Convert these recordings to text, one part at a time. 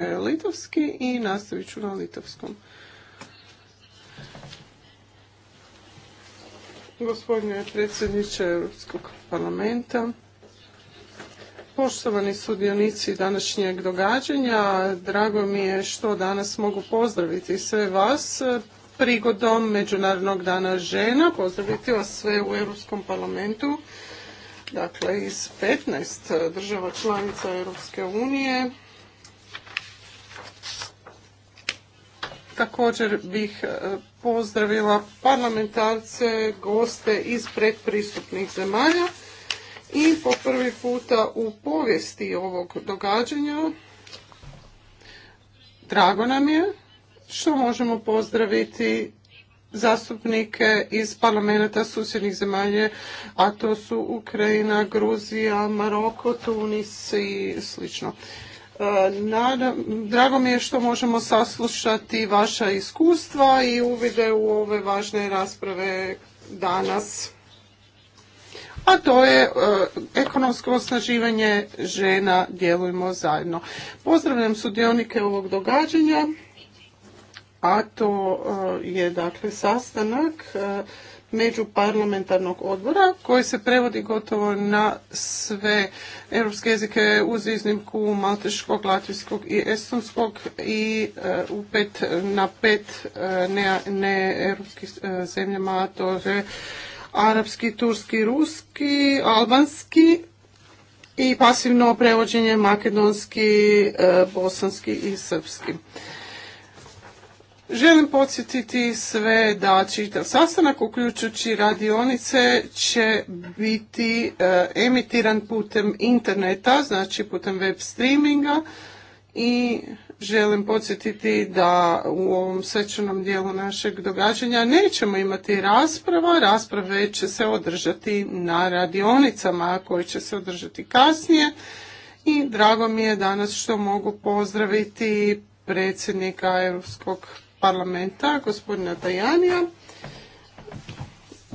E, litovski i nastavit ću na litovskom. Gospodine predsjedniče Europskog parlamenta, poštovani sudionici današnjeg događanja, drago mi je što danas mogu pozdraviti sve vas prigodom Međunarodnog dana žena, pozdraviti vas sve u Europskom parlamentu, dakle iz 15 država članica Europske unije, Također bih e, pozdravila parlamentarce, goste iz predpristupnih zemalja i po prvi puta u povijesti ovog događanja drago nam je što možemo pozdraviti zastupnike iz parlamenta susjednih zemalja, a to su Ukrajina, Gruzija, Maroko, Tunis i slično. E, drago mi je što možemo saslušati vaša iskustva i uvide u ove važne rasprave danas. A to je e, ekonomsko osnaživanje žena djelujemo zajedno. Pozdravljam sudionike ovog događanja, a to e, je dakle sastanak međuparlamentarnog odbora koji se prevodi gotovo na sve europske jezike uz iznimku malteškog, latvijskog i estonskog i e, u pet, na pet e, ne, europskih e, zemljama, a to je arapski, turski, ruski, albanski i pasivno prevođenje makedonski, bosanski i srpski. Želim podsjetiti sve da čitav sastanak, uključujući radionice, će biti e, emitiran putem interneta, znači putem web streaminga i želim podsjetiti da u ovom svečanom dijelu našeg događanja nećemo imati rasprava, rasprave će se održati na radionicama koje će se održati kasnije i drago mi je danas što mogu pozdraviti predsjednika Europskog parlamenta, gospodina Tajanija.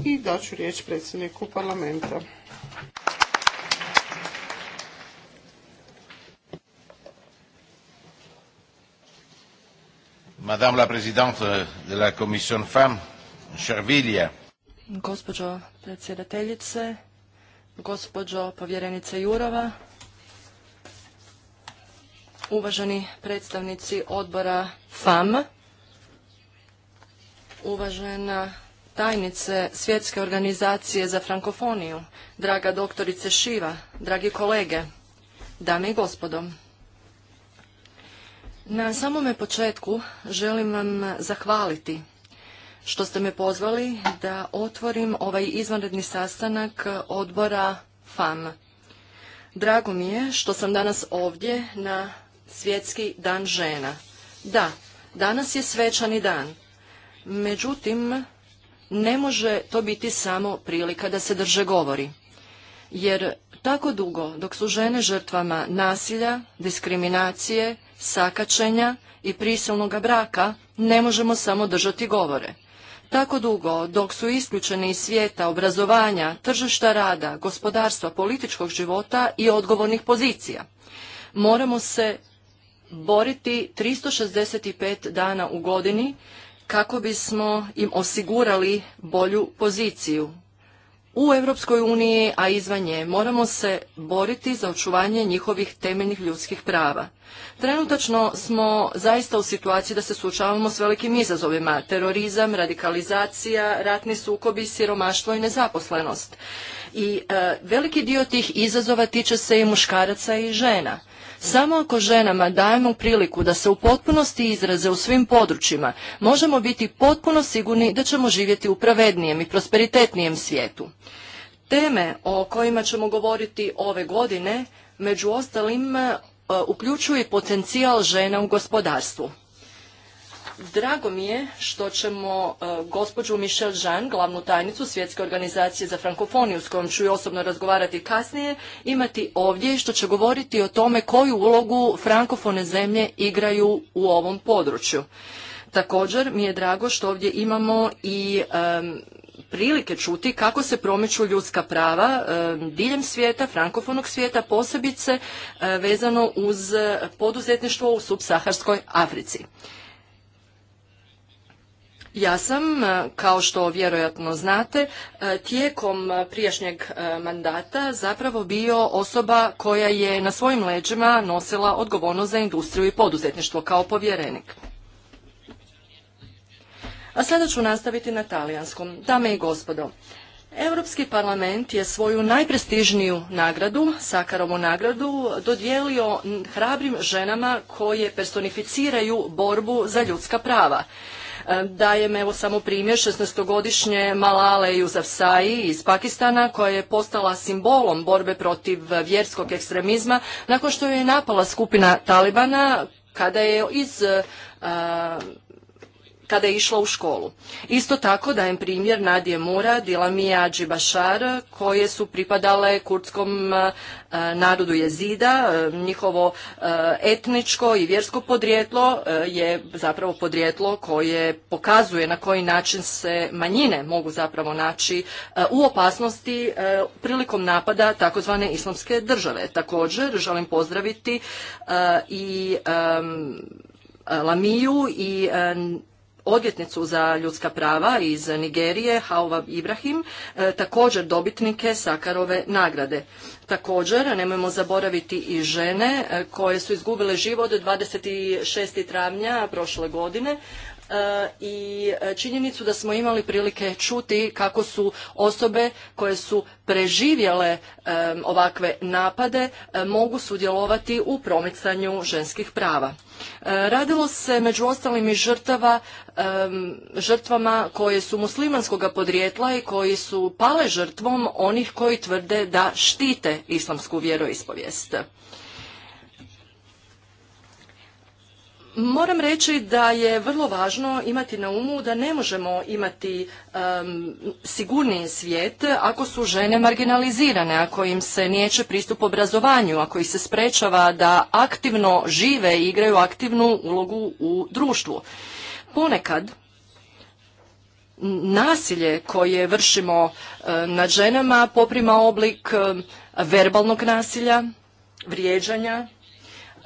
I daću riječ predsjedniku parlamenta. Madame la présidente de la commission femme, Gospođo predsjedateljice, gospođo povjerenice Jurova, uvaženi predstavnici odbora FAM, Uvažena tajnice Svjetske organizacije za frankofoniju, draga doktorice Šiva, dragi kolege, dame i gospodo. Na samome početku želim vam zahvaliti što ste me pozvali da otvorim ovaj izvanredni sastanak odbora FAM. Drago mi je što sam danas ovdje na Svjetski dan žena. Da, danas je svečani dan Međutim, ne može to biti samo prilika da se drže govori. Jer tako dugo dok su žene žrtvama nasilja, diskriminacije, sakačenja i prisilnog braka, ne možemo samo držati govore. Tako dugo dok su isključeni iz svijeta, obrazovanja, tržišta rada, gospodarstva, političkog života i odgovornih pozicija. Moramo se boriti 365 dana u godini kako bismo im osigurali bolju poziciju. U Europskoj uniji, a izvan nje, moramo se boriti za očuvanje njihovih temeljnih ljudskih prava. Trenutačno smo zaista u situaciji da se suočavamo s velikim izazovima, terorizam, radikalizacija, ratni sukobi, siromaštvo i nezaposlenost. I e, veliki dio tih izazova tiče se i muškaraca i žena. Samo ako ženama dajemo priliku da se u potpunosti izraze u svim područjima, možemo biti potpuno sigurni da ćemo živjeti u pravednijem i prosperitetnijem svijetu. Teme o kojima ćemo govoriti ove godine, među ostalim, e, uključuje potencijal žena u gospodarstvu. Drago mi je što ćemo e, gospođu Michelle Jean, glavnu tajnicu Svjetske organizacije za frankofoniju, s kojom ću i osobno razgovarati kasnije, imati ovdje i što će govoriti o tome koju ulogu frankofone zemlje igraju u ovom području. Također mi je drago što ovdje imamo i prilike čuti kako se promiču ljudska prava diljem svijeta, frankofonog svijeta, posebice e, vezano uz poduzetništvo u subsaharskoj Africi. Ja sam, e, kao što vjerojatno znate, e, tijekom prijašnjeg e, mandata zapravo bio osoba koja je na svojim leđima nosila odgovornost za industriju i poduzetništvo kao povjerenik. A sada ću nastaviti na talijanskom. Dame i gospodo, Europski parlament je svoju najprestižniju nagradu, Sakarovu nagradu, dodijelio hrabrim ženama koje personificiraju borbu za ljudska prava. Dajem evo samo primjer 16-godišnje Malale Yusafzai iz Pakistana koja je postala simbolom borbe protiv vjerskog ekstremizma nakon što je napala skupina Talibana kada je iz kada je išla u školu. Isto tako dajem primjer Nadije Mura, Dilamija Džibašar, koje su pripadale kurdskom e, narodu jezida. E, njihovo e, etničko i vjersko podrijetlo je zapravo podrijetlo koje pokazuje na koji način se manjine mogu zapravo naći u opasnosti prilikom napada takozvane islamske države. Također želim pozdraviti i Lamiju i odvjetnicu za ljudska prava iz Nigerije, Hauva Ibrahim, e, također dobitnike Sakarove nagrade. Također, nemojmo zaboraviti i žene e, koje su izgubile život 26. travnja prošle godine E, i činjenicu da smo imali prilike čuti kako su osobe koje su preživjele e, ovakve napade e, mogu sudjelovati u promicanju ženskih prava. Radilo se među ostalim i žrtava, žrtvama koje su muslimanskog podrijetla i koji su pale žrtvom onih koji tvrde da štite islamsku vjeroispovijest. Moram reći da je vrlo važno imati na umu da ne možemo imati um, sigurniji svijet ako su žene marginalizirane, ako im se niječe pristup obrazovanju, ako ih se sprečava da aktivno žive i igraju aktivnu ulogu u društvu. Ponekad nasilje koje vršimo nad ženama poprima oblik verbalnog nasilja, vrijeđanja,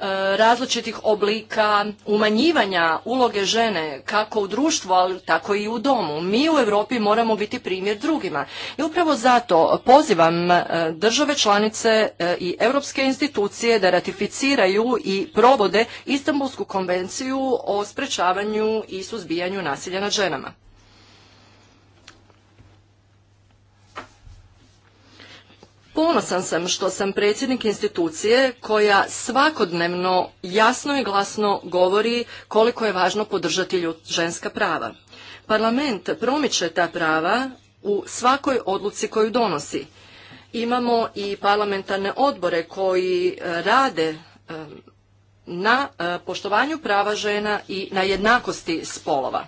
E, različitih oblika umanjivanja uloge žene kako u društvu, ali tako i u domu. Mi u Europi moramo biti primjer drugima. I upravo zato pozivam e, države članice e, i europske institucije da ratificiraju i provode Istanbulsku konvenciju o sprečavanju i suzbijanju nasilja nad ženama. Ponosan sam što sam predsjednik institucije koja svakodnevno jasno i glasno govori koliko je važno podržati ženska prava. Parlament promiče ta prava u svakoj odluci koju donosi. Imamo i parlamentarne odbore koji e, rade e, na e, poštovanju prava žena i na jednakosti spolova.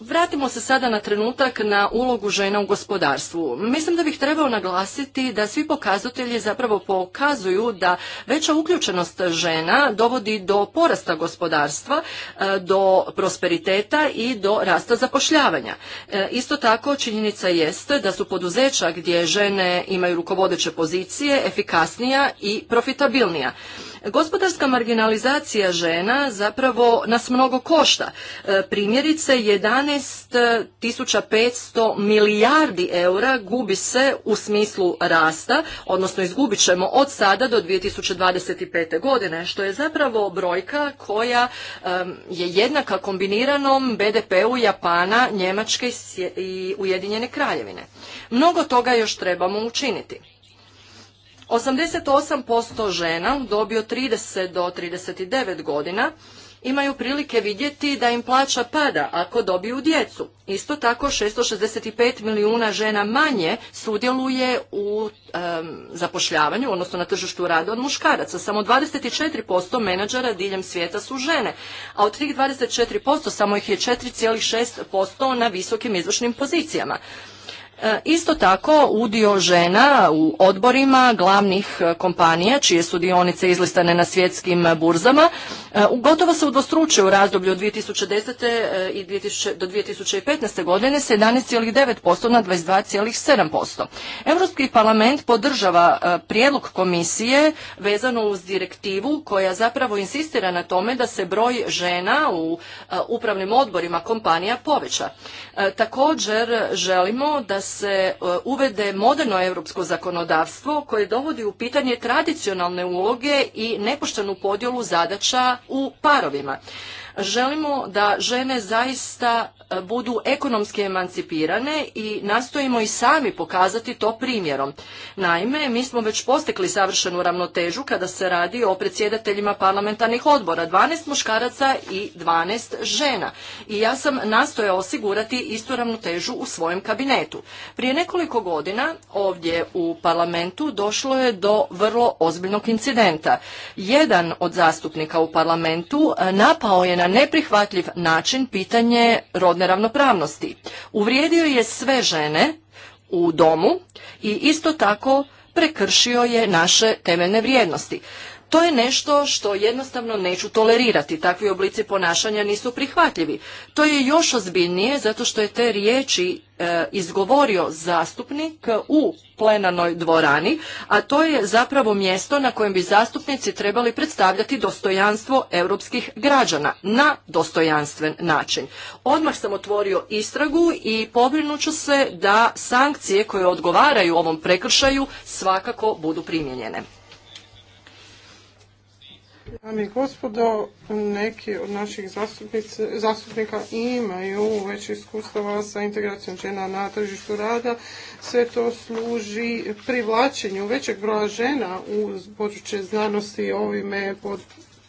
Vratimo se sada na trenutak na ulogu žena u gospodarstvu. Mislim da bih trebao naglasiti da svi pokazatelji zapravo pokazuju da veća uključenost žena dovodi do porasta gospodarstva, e, do prosperiteta i do rasta zapošljavanja. E, isto tako činjenica jeste da su poduzeća gdje žene imaju rukovodeće pozicije efikasnija i profitabilnija. Gospodarska marginalizacija žena zapravo nas mnogo košta. E, primjerice, 11.500 milijardi eura gubi se u smislu rasta, odnosno izgubit ćemo od sada do 2025. godine, što je zapravo brojka koja je jednaka kombiniranom BDP-u Japana, Njemačke i Ujedinjene kraljevine. Mnogo toga još trebamo učiniti. 88% žena u dobio 30 do 39 godina imaju prilike vidjeti da im plaća pada ako dobiju djecu. Isto tako 665 milijuna žena manje sudjeluje u zapošljavanju, odnosno na tržištu rada od muškaraca. Samo 24% menadžera diljem svijeta su žene, a od tih 24% samo ih je 4,6% na visokim izvršnim pozicijama. E, isto tako, udio žena u odborima glavnih e, kompanija, čije su dionice izlistane na svjetskim burzama, e, gotovo se udostruče u razdoblju od 2010. i do 2015. godine s 11,9% na 22,7%. Europski parlament podržava prijedlog komisije vezano uz direktivu koja zapravo insistira na tome da se broj žena u upravnim odborima kompanija poveća. Također želimo da se e, uvede moderno europsko zakonodavstvo koje dovodi u pitanje tradicionalne uloge i nepoštenu podjelu zadaća u parovima. Želimo da žene zaista E, budu ekonomski emancipirane i nastojimo i sami pokazati to primjerom. Naime, mi smo već postekli savršenu ravnotežu kada se radi o predsjedateljima parlamentarnih odbora. 12 muškaraca i 12 žena. I ja sam nastoja osigurati istu ravnotežu u svojem kabinetu. Prije nekoliko godina ovdje u parlamentu došlo je do vrlo ozbiljnog incidenta. Jedan od zastupnika u parlamentu e, napao je na neprihvatljiv način pitanje rodne ravnopravnosti. Uvrijedio je sve žene u domu i isto tako prekršio je naše temeljne vrijednosti. To je nešto što jednostavno neću tolerirati. Takvi oblici ponašanja nisu prihvatljivi. To je još ozbiljnije zato što je te riječi e, izgovorio zastupnik u plenarnoj dvorani, a to je zapravo mjesto na kojem bi zastupnici trebali predstavljati dostojanstvo europskih građana na dostojanstven način. Odmah sam otvorio istragu i pobrinuću se da sankcije koje odgovaraju ovom prekršaju svakako budu primjenjene. Dami gospodo, neki od naših zastupnika imaju već iskustava sa integracijom žena na tržištu rada. Sve to služi privlačenju većeg broja žena u područje znanosti ovime pod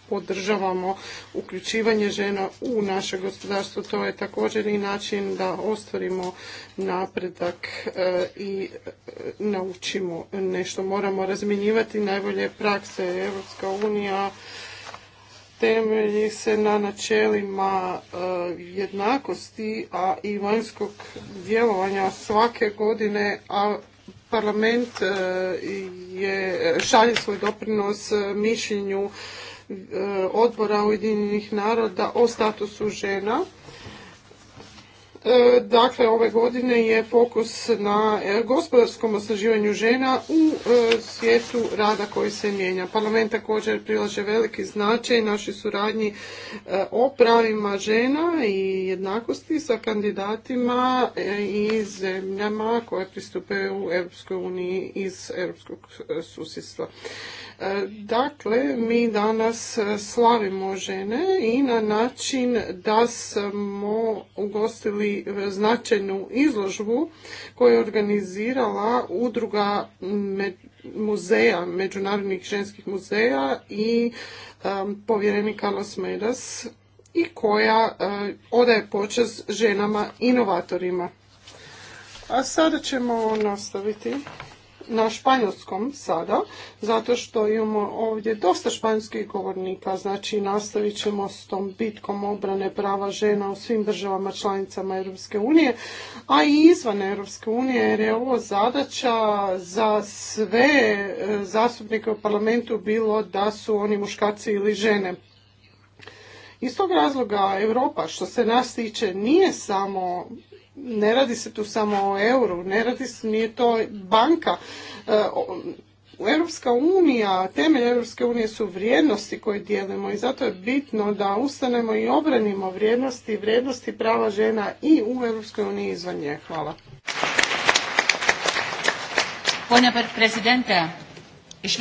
podržavamo uključivanje žena u naše gospodarstvo. To je također i način da ostvarimo napredak e, i e, naučimo nešto. Moramo razminjivati najbolje prakse. Europska unija temelji se na načelima e, jednakosti, a i vanjskog djelovanja svake godine, a parlament je, šalje svoj doprinos mišljenju Eh, odbora Ujedinjenih naroda o statusu žena. Eh, dakle, ove godine je fokus na eh, gospodarskom osnaživanju žena u svijetu rada koji se mijenja. Parlament također prilaže veliki značaj našoj suradnji o pravima žena i jednakosti sa kandidatima i zemljama koje pristupaju u uniji iz europskog susjedstva. E, dakle, mi danas slavimo žene i na način da smo ugostili značajnu izložbu koju je organizirala udruga muzeja, međunarodnih ženskih muzeja i e, povjerenik Carlos Medas i koja e, odaje počas ženama inovatorima. A sada ćemo nastaviti na španjolskom sada, zato što imamo ovdje dosta španjolskih govornika, znači nastavit ćemo s tom bitkom obrane prava žena u svim državama članicama Europske unije, a i izvan Europske unije, jer je ovo zadaća za sve e, zastupnike u parlamentu bilo da su oni muškarci ili žene. Iz tog razloga Europa što se nas tiče nije samo ne radi se tu samo o euru, ne radi se, nije to banka. E, Europska unija, temelj Europske unije su vrijednosti koje dijelimo i zato je bitno da ustanemo i obranimo vrijednosti vrijednosti prava žena i u Europskoj uniji izvan nje. Hvala. Pone prezidente, iš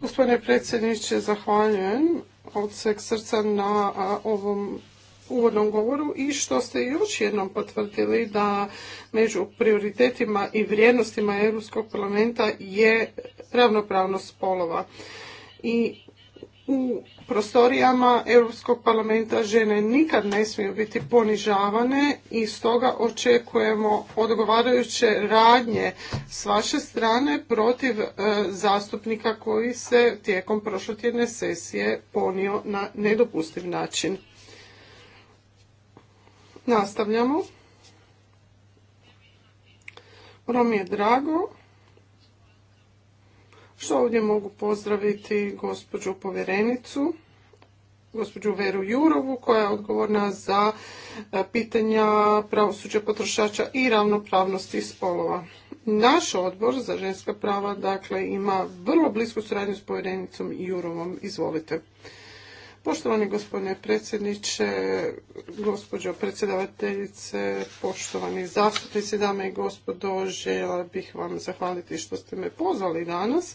Gospodine predsjedniče, zahvaljujem od sveg srca na ovom uvodnom govoru i što ste još jednom potvrdili da među prioritetima i vrijednostima Europskog parlamenta je ravnopravnost spolova. I u prostorijama Europskog parlamenta žene nikad ne smiju biti ponižavane i stoga očekujemo odgovarajuće radnje s vaše strane protiv e, zastupnika koji se tijekom prošlotjedne sesije ponio na nedopustiv način. Nastavljamo. Vrlo mi je drago što ovdje mogu pozdraviti gospođu povjerenicu, gospođu Veru Jurovu koja je odgovorna za e, pitanja pravosuđa potrošača i ravnopravnosti spolova. Naš odbor za ženska prava dakle ima vrlo blisku suradnju s povjerenicom Jurovom. Izvolite. Poštovani gospodine predsjedniče, gospođo predsjedavateljice, poštovani zastupnici, dame i gospodo, žela bih vam zahvaliti što ste me pozvali danas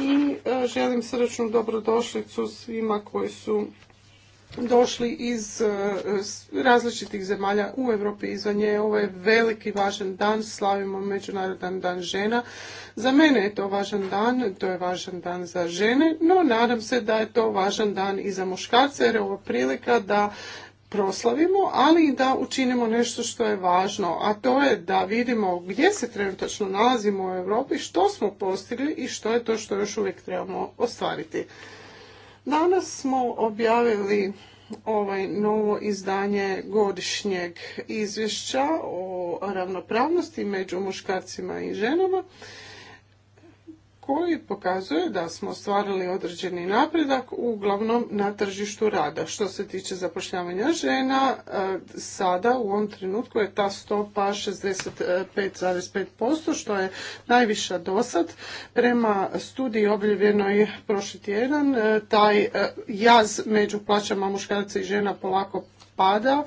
i e, želim srčnu dobrodošlicu svima koji su došli iz e, različitih zemalja u Europi i za nje. Ovo je ovaj veliki važan dan, slavimo Međunarodan dan žena. Za mene je to važan dan, to je važan dan za žene, no nadam se da je to važan dan i za muškarce jer je ovo prilika da proslavimo, ali i da učinimo nešto što je važno, a to je da vidimo gdje se trenutačno nalazimo u Europi, što smo postigli i što je to što još uvijek trebamo ostvariti. Danas smo objavili ovaj novo izdanje godišnjeg izvješća o ravnopravnosti među muškarcima i ženama koji pokazuje da smo ostvarili određeni napredak uglavnom na tržištu rada. Što se tiče zapošljavanja žena, e, sada u ovom trenutku je ta stopa 65,5%, što je najviša dosad. Prema studiji objavljenoj prošli tjedan, e, taj e, jaz među plaćama muškaraca i žena polako pada.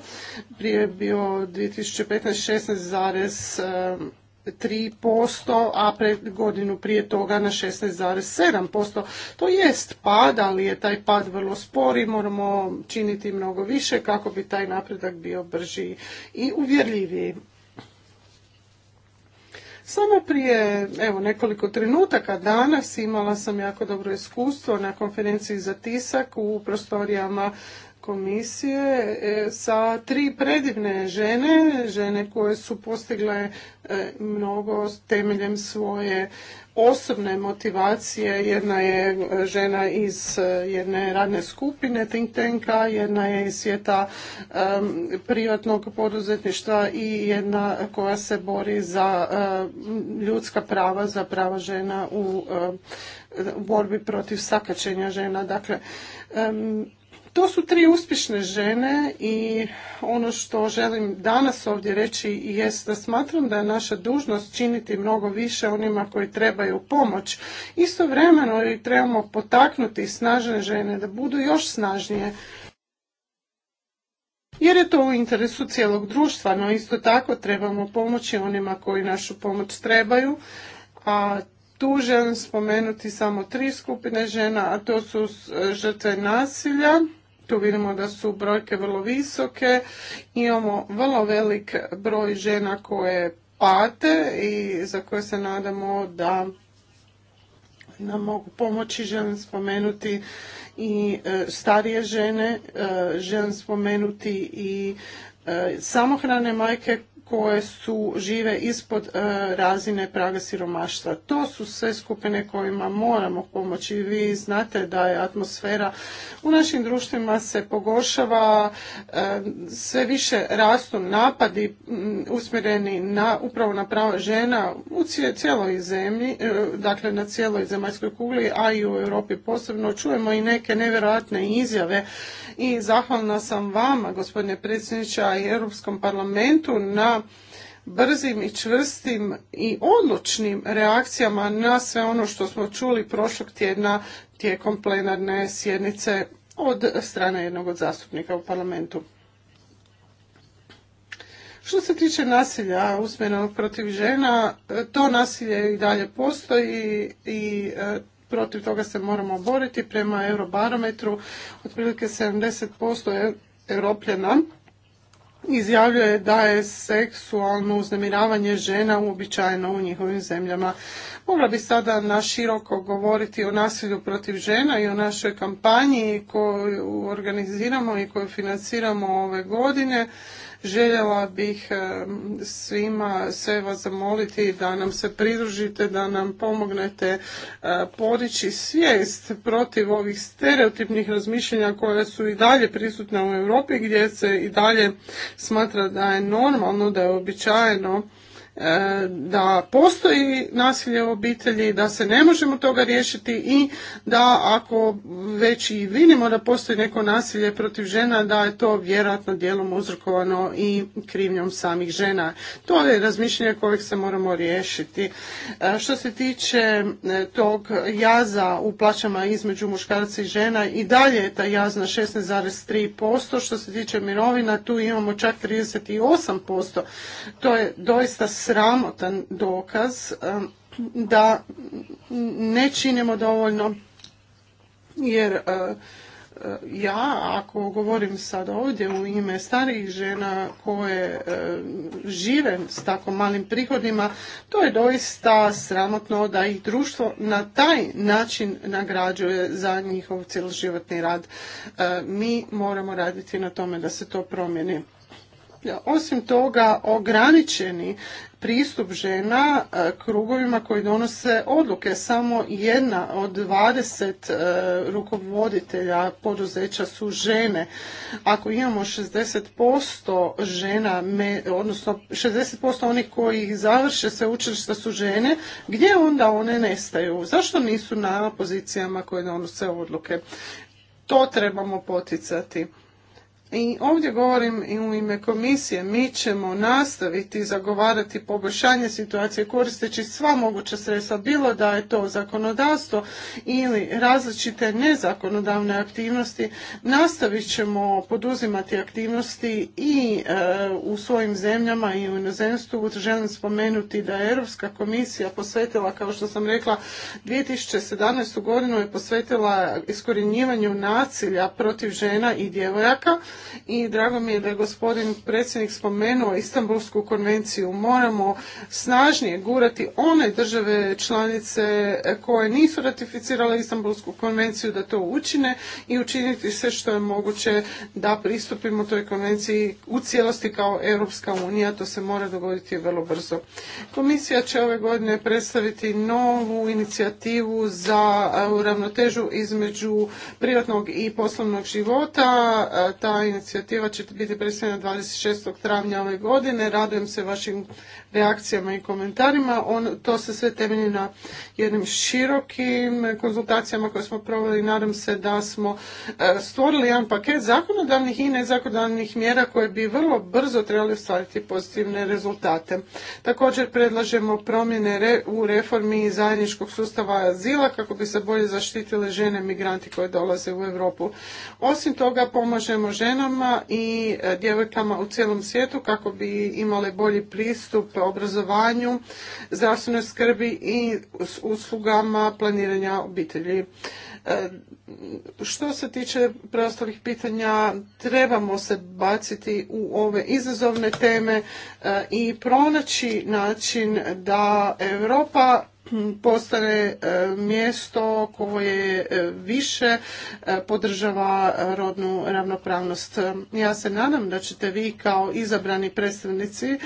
Prije je bio 2015 16, 3%, a pre, godinu prije toga na 16,7%. To jest pad, ali je taj pad vrlo spor i moramo činiti mnogo više kako bi taj napredak bio brži i uvjerljiviji. Samo prije evo, nekoliko trenutaka danas imala sam jako dobro iskustvo na konferenciji za tisak u prostorijama komisije e, sa tri predivne žene, žene koje su postigle e, mnogo temeljem svoje osobne motivacije. Jedna je e, žena iz jedne radne skupine think tanka, jedna je iz svijeta privatnog poduzetništva i jedna koja se bori za ljudska prava, za prava žena u borbi protiv sakačenja žena. Dakle, to su tri uspješne žene i ono što želim danas ovdje reći jest da smatram da je naša dužnost činiti mnogo više onima koji trebaju pomoć. Istovremeno i trebamo potaknuti snažne žene da budu još snažnije jer je to u interesu cijelog društva, no isto tako trebamo pomoći onima koji našu pomoć trebaju, a tu želim spomenuti samo tri skupine žena, a to su e, žrtve nasilja, tu vidimo da su brojke vrlo visoke, imamo vrlo velik broj žena koje pate i za koje se nadamo da nam mogu pomoći. Želim spomenuti i e, starije žene, e, želim spomenuti i e, samohrane majke koje su žive ispod e, razine praga siromaštva. To su sve skupine kojima moramo pomoći. Vi znate da je atmosfera u našim društvima se pogoršava, e, sve više rastu napadi usmjereni na, upravo na prava žena u cijeloj zemlji, e, dakle na cijeloj zemaljskoj kugli, a i u Europi posebno. Čujemo i neke nevjerojatne izjave i zahvalna sam vama, gospodine predsjedniče, i Europskom parlamentu na brzim i čvrstim i odlučnim reakcijama na sve ono što smo čuli prošlog tjedna tijekom plenarne sjednice od strane jednog od zastupnika u parlamentu. Što se tiče nasilja usmjerenog protiv žena, to nasilje i dalje postoji i e, protiv toga se moramo boriti. Prema Eurobarometru otprilike 70% e- europljena izjavljuje da je seksualno uznemiravanje žena uobičajeno u njihovim zemljama. Mogla bi sada na široko govoriti o nasilju protiv žena i o našoj kampanji koju organiziramo i koju financiramo ove godine Željela bih eh, svima sve vas zamoliti da nam se pridružite, da nam pomognete eh, podići svijest protiv ovih stereotipnih razmišljanja koja su i dalje prisutna u Europi gdje se i dalje smatra da je normalno, da je običajeno E, da postoji nasilje u obitelji, da se ne možemo toga riješiti i da ako već i vidimo da postoji neko nasilje protiv žena, da je to vjerojatno dijelom uzrokovano i krivnjom samih žena. To je razmišljanje kojeg se moramo riješiti. E, što se tiče e, tog jaza u plaćama između muškaraca i žena, i dalje je ta jaz na 16,3%. Što se tiče mirovina, tu imamo čak 38%. To je doista sramotan dokaz da ne činimo dovoljno jer e, e, ja ako govorim sad ovdje u ime starijih žena koje e, žive s tako malim prihodima, to je doista sramotno da ih društvo na taj način nagrađuje za njihov cjeloživotni rad. Mi moramo raditi na tome da se to promijeni. Osim toga, ograničeni pristup žena e, krugovima koji donose odluke. Samo jedna od 20 e, rukovoditelja poduzeća su žene. Ako imamo 60% žena, odnosno 60% onih koji završe se učilišta su žene, gdje onda one nestaju? Zašto nisu na pozicijama koje donose odluke? To trebamo poticati. I ovdje govorim i u ime komisije, mi ćemo nastaviti zagovarati poboljšanje situacije koristeći sva moguća sredstva, bilo da je to zakonodavstvo ili različite nezakonodavne aktivnosti, nastavit ćemo poduzimati aktivnosti i e, u svojim zemljama i u inozemstvu. Želim spomenuti da je Europska komisija posvetila, kao što sam rekla, 2017. godinu je posvetila iskorjenjivanju nasilja protiv žena i djevojaka i drago mi je da je gospodin predsjednik spomenuo Istanbulsku konvenciju. Moramo snažnije gurati one države članice koje nisu ratificirale Istanbulsku konvenciju da to učine i učiniti sve što je moguće da pristupimo toj konvenciji u cijelosti kao Europska unija. To se mora dogoditi vrlo brzo. Komisija će ove godine predstaviti novu inicijativu za e, uravnotežu između privatnog i poslovnog života. E, ta inicijativa će biti predstavljena 26. travnja ove godine. Radujem se vašim reakcijama i komentarima. On, to se sve temelji na jednim širokim konzultacijama koje smo proveli. Nadam se da smo e, stvorili jedan paket zakonodavnih i nezakonodavnih mjera koje bi vrlo brzo trebali ostvariti pozitivne rezultate. Također predlažemo promjene u reformi zajedničkog sustava azila kako bi se bolje zaštitile žene migranti koje dolaze u Europu. Osim toga pomažemo žene ženama i e, djevojkama u cijelom svijetu kako bi imale bolji pristup obrazovanju, zdravstvenoj skrbi i uslugama planiranja obitelji. E, što se tiče preostalih pitanja, trebamo se baciti u ove izazovne teme e, i pronaći način da Europa postane e, mjesto koje e, više e, podržava rodnu ravnopravnost. Ja se nadam da ćete vi kao izabrani predstavnici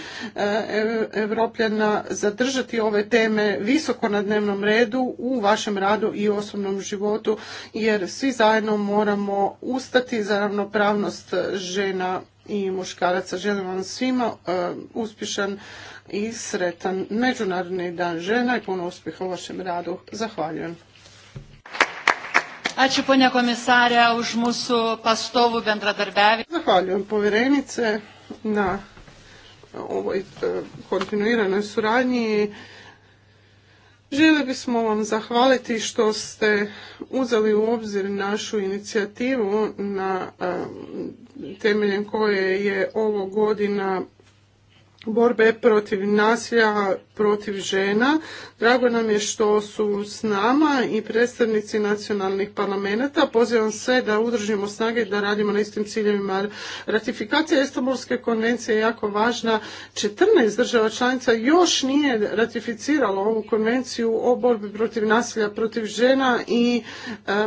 Evropljana zadržati ove teme visoko na dnevnom redu u vašem radu i osobnom životu jer svi zajedno moramo ustati za ravnopravnost žena i muškaraca. Želim vam svima e, uspješan i sretan Međunarodni dan žena i puno uspjeha u vašem radu. Zahvaljujem. Ačiū, ponia komisarė, už mūsų pastovų bendradarbiavimą. Zahvaljujem povjerenice na ovoj e, kontinuiranoj suradnji. Želi bismo vam zahvaliti što ste uzeli u obzir našu inicijativu na e, temeljem koje je ovo godina borbe protiv nasilja protiv žena. Drago nam je što su s nama i predstavnici nacionalnih parlamenta. Pozivam sve da udržimo snage da radimo na istim ciljevima. Ratifikacija Istanbulske konvencije je jako važna. 14 država članica još nije ratificiralo ovu konvenciju o borbi protiv nasilja protiv žena i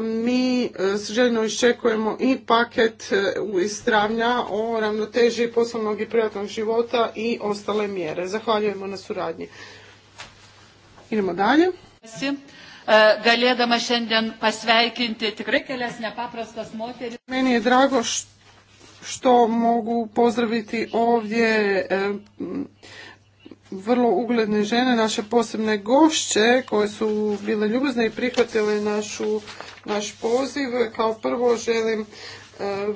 mi e, željno iščekujemo i paket e, iz travnja o ravnoteži poslovnog i privatnog života i ostale mjere. Zahvaljujemo na suradnji. Idemo dalje. E, galėdama šiandien pasveikinti tikrai kelias nepaprastas moteris. Meni je drago što mogu pozdraviti ovdje e, vrlo ugledne žene, naše posebne gošće koje su bile ljubazne i prihvatile našu, naš poziv. Kao prvo želim e,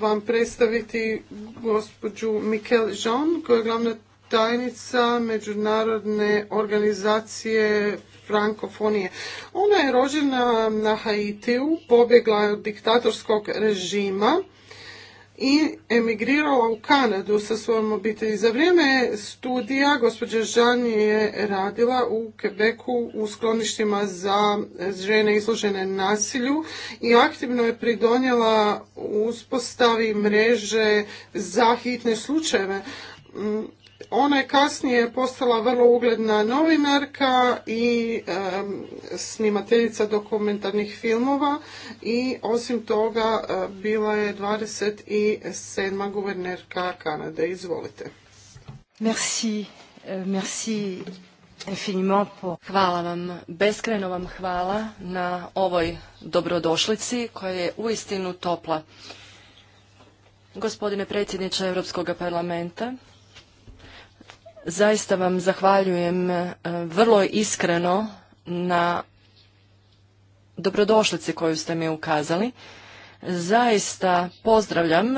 vam predstaviti gospođu Mikel Jean koja je glavna tajnica međunarodne organizacije frankofonije. Ona je rođena na Haitiju, pobjegla je od diktatorskog režima i emigrirala u Kanadu sa svojom obitelji. Za vrijeme studija gospođa Žan je radila u Quebecu u skloništima za žene izložene nasilju i aktivno je pridonjela uspostavi mreže za hitne slučajeve mm, ona je kasnije postala vrlo ugledna novinarka i snimateljica dokumentarnih filmova i osim toga e, bila je 27. guvernerka Kanade. Izvolite. Merci, e, merci infiniment Hvala vam, Beskreno vam hvala na ovoj dobrodošlici koja je uistinu topla. Gospodine predsjedniče Europskog parlamenta, Zaista vam zahvaljujem e, vrlo iskreno na dobrodošlici koju ste mi ukazali. Zaista pozdravljam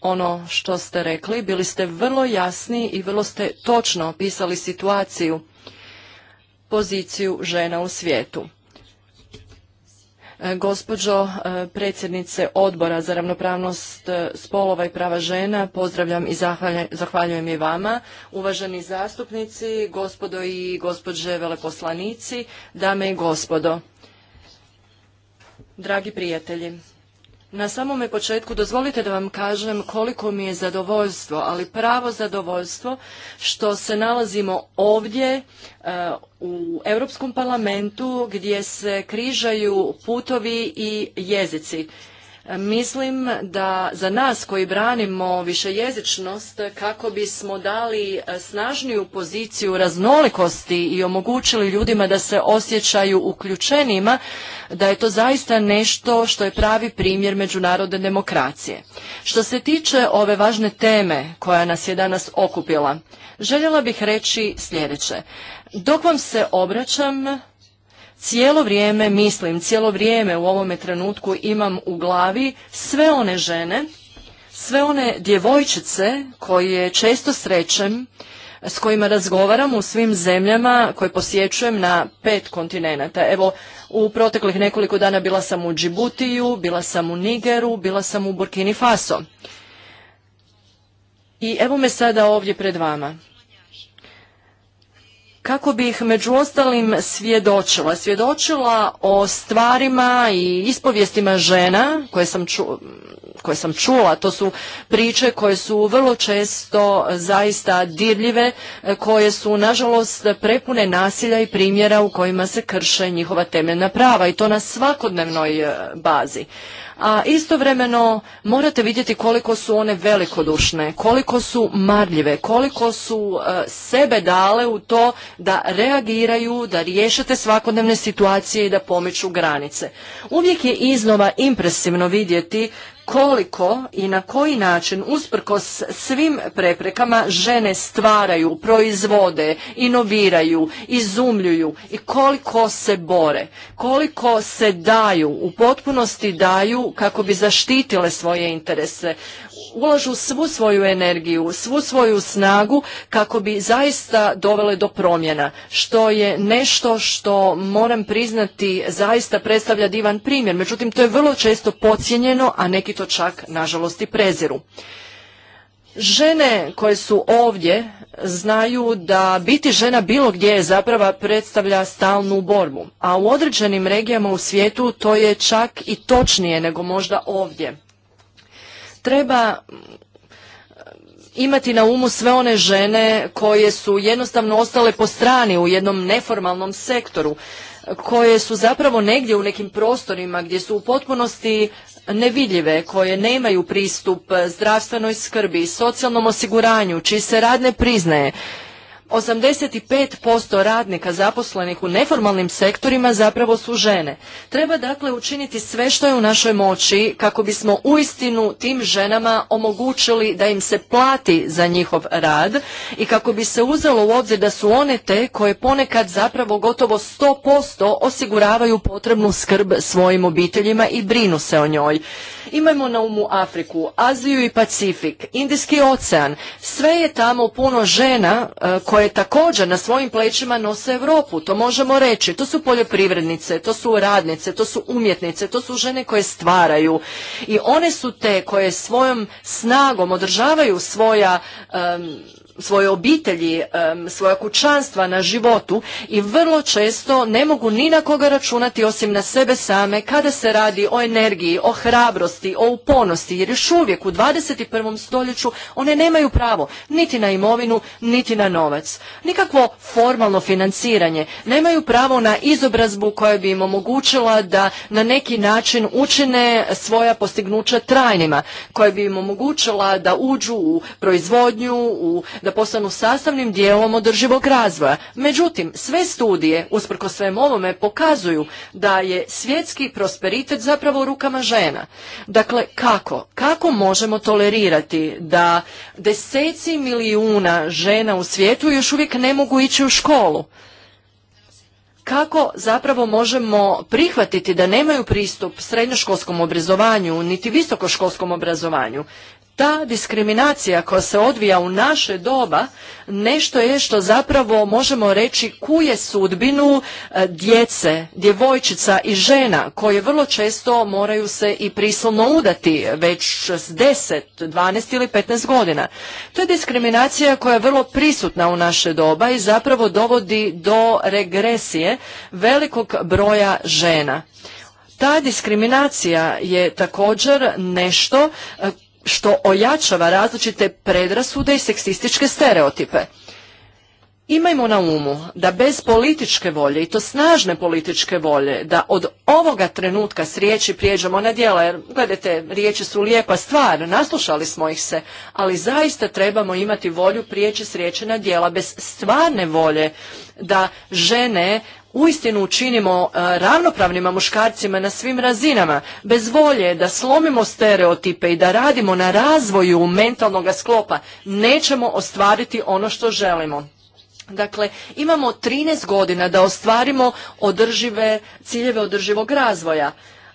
ono što ste rekli. Bili ste vrlo jasni i vrlo ste točno opisali situaciju, poziciju žena u svijetu. E, gospođo e, predsjednice odbora za ravnopravnost e, spolova i prava žena, pozdravljam i zahvaljujem i vama. Uvaženi zastupnici, gospodo i gospođe veleposlanici, dame i gospodo, dragi prijatelji. Na samome početku dozvolite da vam kažem koliko mi je zadovoljstvo, ali pravo zadovoljstvo što se nalazimo ovdje e, u Europskom parlamentu gdje se križaju putovi i jezici. Mislim da za nas koji branimo višejezičnost kako bismo dali e, snažniju poziciju raznolikosti i omogućili ljudima da se osjećaju uključenima, da je to zaista nešto što je pravi primjer međunarodne demokracije. Što se tiče ove važne teme koja nas je danas okupila, željela bih reći sljedeće. Dok vam se obraćam, Cijelo vrijeme mislim, cijelo vrijeme u ovome trenutku imam u glavi sve one žene, sve one djevojčice koje često srećem, s kojima razgovaram u svim zemljama koje posjećujem na pet kontinenta. Evo, u proteklih nekoliko dana bila sam u Džibutiju, bila sam u Nigeru, bila sam u Burkini Faso. I evo me sada ovdje pred vama kako bi ih među ostalim svjedočila. Svjedočila o stvarima i ispovijestima žena koje sam čula koje sam čula, to su priče koje su vrlo često zaista dirljive, e, koje su nažalost prepune nasilja i primjera u kojima se krše njihova temeljna prava i to na svakodnevnoj e, bazi. A istovremeno morate vidjeti koliko su one velikodušne, koliko su marljive, koliko su e, sebe dale u to da reagiraju, da riješate svakodnevne situacije i da pomiču granice. Uvijek je iznova impresivno vidjeti koliko i na koji način usprkos svim preprekama žene stvaraju, proizvode, inoviraju, izumljuju i koliko se bore, koliko se daju, u potpunosti daju kako bi zaštitile svoje interese ulažu svu svoju energiju, svu svoju snagu kako bi zaista dovele do promjena, što je nešto što moram priznati zaista predstavlja divan primjer. Međutim, to je vrlo često pocijenjeno, a neki to čak nažalost i preziru. Žene koje su ovdje znaju da biti žena bilo gdje je zapravo predstavlja stalnu borbu, a u određenim regijama u svijetu to je čak i točnije nego možda ovdje treba imati na umu sve one žene koje su jednostavno ostale po strani u jednom neformalnom sektoru, koje su zapravo negdje u nekim prostorima gdje su u potpunosti nevidljive, koje nemaju pristup zdravstvenoj skrbi, socijalnom osiguranju, čiji se rad ne priznaje. 85% radnika zaposlenih u neformalnim sektorima zapravo su žene. Treba dakle učiniti sve što je u našoj moći kako bismo uistinu tim ženama omogućili da im se plati za njihov rad i kako bi se uzelo u obzir da su one te koje ponekad zapravo gotovo 100% osiguravaju potrebnu skrb svojim obiteljima i brinu se o njoj. Imajmo na umu Afriku, Aziju i Pacifik, Indijski ocean, sve je tamo puno žena eh, koje koje također na svojim plećima nose Europu, to možemo reći. To su poljoprivrednice, to su radnice, to su umjetnice, to su žene koje stvaraju i one su te koje svojom snagom održavaju svoja svoje obitelji, svoja kućanstva na životu i vrlo često ne mogu ni na koga računati osim na sebe same kada se radi o energiji, o hrabrosti, o uponosti jer još uvijek u 21. stoljeću one nemaju pravo niti na imovinu, niti na novac. Nikakvo formalno financiranje, nemaju pravo na izobrazbu koja bi im omogućila da na neki način učine svoja postignuća trajnima, koja bi im omogućila da uđu u proizvodnju, u da postanu sastavnim dijelom održivog razvoja. Međutim, sve studije, usprko svem ovome, pokazuju da je svjetski prosperitet zapravo u rukama žena. Dakle, kako? Kako možemo tolerirati da deseci milijuna žena u svijetu još uvijek ne mogu ići u školu? kako zapravo možemo prihvatiti da nemaju pristup srednjoškolskom obrazovanju niti visokoškolskom obrazovanju ta diskriminacija koja se odvija u naše doba nešto je što zapravo možemo reći kuje sudbinu e, djece, djevojčica i žena koje vrlo često moraju se i prisilno udati već s 10, 12 ili 15 godina. To je diskriminacija koja je vrlo prisutna u naše doba i zapravo dovodi do regresije velikog broja žena. Ta diskriminacija je također nešto e, što ojačava različite predrasude i seksističke stereotipe. Imajmo na umu da bez političke volje i to snažne političke volje da od ovoga trenutka s riječi prijeđemo na djela jer gledajte riječi su lijepa stvar, naslušali smo ih se, ali zaista trebamo imati volju prijeći s riječi na djela bez stvarne volje da žene uistinu učinimo e, ravnopravnima muškarcima na svim razinama, bez volje da slomimo stereotipe i da radimo na razvoju mentalnog sklopa, nećemo ostvariti ono što želimo. Dakle, imamo 13 godina da ostvarimo održive, ciljeve održivog razvoja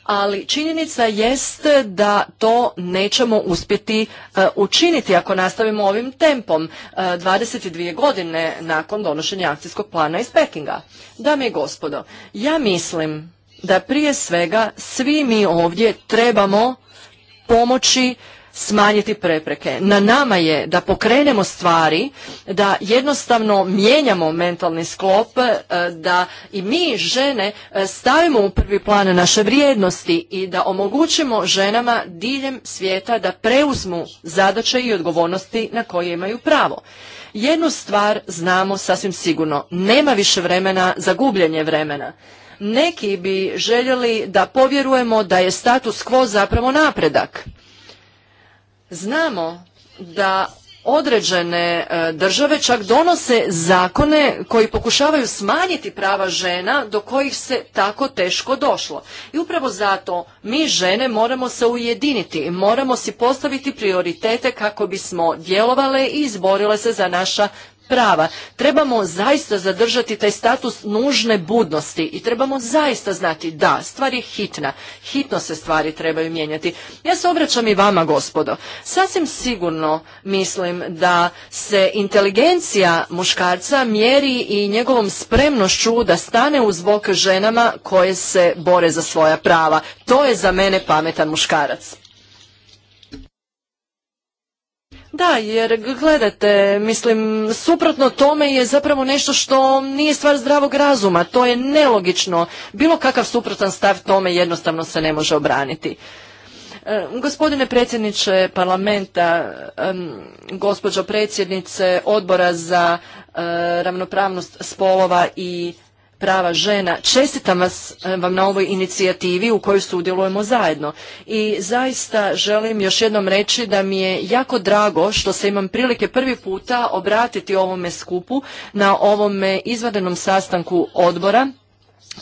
ali činjenica jest da to nećemo uspjeti e, učiniti ako nastavimo ovim tempom 22 e, godine nakon donošenja akcijskog plana iz Pekinga. Dame i gospodo, ja mislim da prije svega svi mi ovdje trebamo pomoći smanjiti prepreke. Na nama je da pokrenemo stvari, da jednostavno mijenjamo mentalni sklop, e, da i mi žene e, stavimo u prvi plan naše vrijednosti i da omogućimo ženama diljem svijeta da preuzmu zadaće i odgovornosti na koje imaju pravo. Jednu stvar znamo sasvim sigurno, nema više vremena za gubljenje vremena. Neki bi željeli da povjerujemo da je status quo zapravo napredak. Znamo da određene e, države čak donose zakone koji pokušavaju smanjiti prava žena do kojih se tako teško došlo. I upravo zato mi žene moramo se ujediniti, moramo si postaviti prioritete kako bismo djelovale i izborile se za naša prava. Trebamo zaista zadržati taj status nužne budnosti i trebamo zaista znati da stvar je hitna. Hitno se stvari trebaju mijenjati. Ja se obraćam i vama gospodo. Sasvim sigurno mislim da se inteligencija muškarca mjeri i njegovom spremnošću da stane uz bok ženama koje se bore za svoja prava. To je za mene pametan muškarac. Da, jer gledajte, mislim, suprotno tome je zapravo nešto što nije stvar zdravog razuma, to je nelogično. Bilo kakav suprotan stav tome jednostavno se ne može obraniti. E, gospodine predsjedniče parlamenta, gospođo predsjednice odbora za e, ravnopravnost spolova i prava žena. Čestitam vas, e, vam na ovoj inicijativi u kojoj sudjelujemo zajedno. I zaista želim još jednom reći da mi je jako drago što se imam prilike prvi puta obratiti ovome skupu na ovome izvadenom sastanku odbora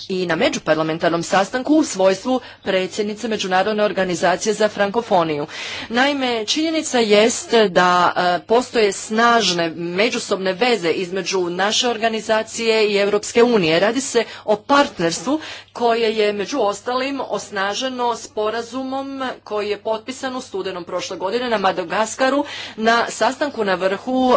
i na međuparlamentarnom sastanku u svojstvu predsjednice Međunarodne organizacije za frankofoniju. Naime, činjenica jest da e, postoje snažne međusobne veze između naše organizacije i Europske unije. Radi se o partnerstvu koje je među ostalim osnaženo sporazumom koji je potpisan u studenom prošle godine na Madagaskaru na sastanku na vrhu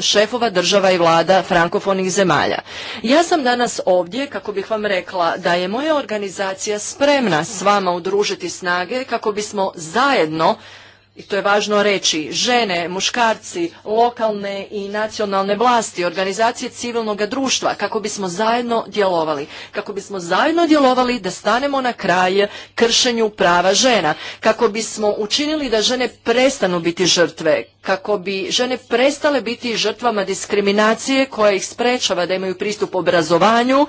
šefova država i vlada frankofonih zemalja. Ja sam danas ovdje kako bih bih vam rekla da je moja organizacija spremna s vama udružiti snage kako bismo zajedno i to je važno reći, žene, muškarci, lokalne i nacionalne vlasti, organizacije civilnog društva, kako bismo zajedno djelovali. Kako bismo zajedno djelovali da stanemo na kraj kršenju prava žena. Kako bismo učinili da žene prestanu biti žrtve, kako bi žene prestale biti žrtvama diskriminacije koja ih sprečava da imaju pristup obrazovanju,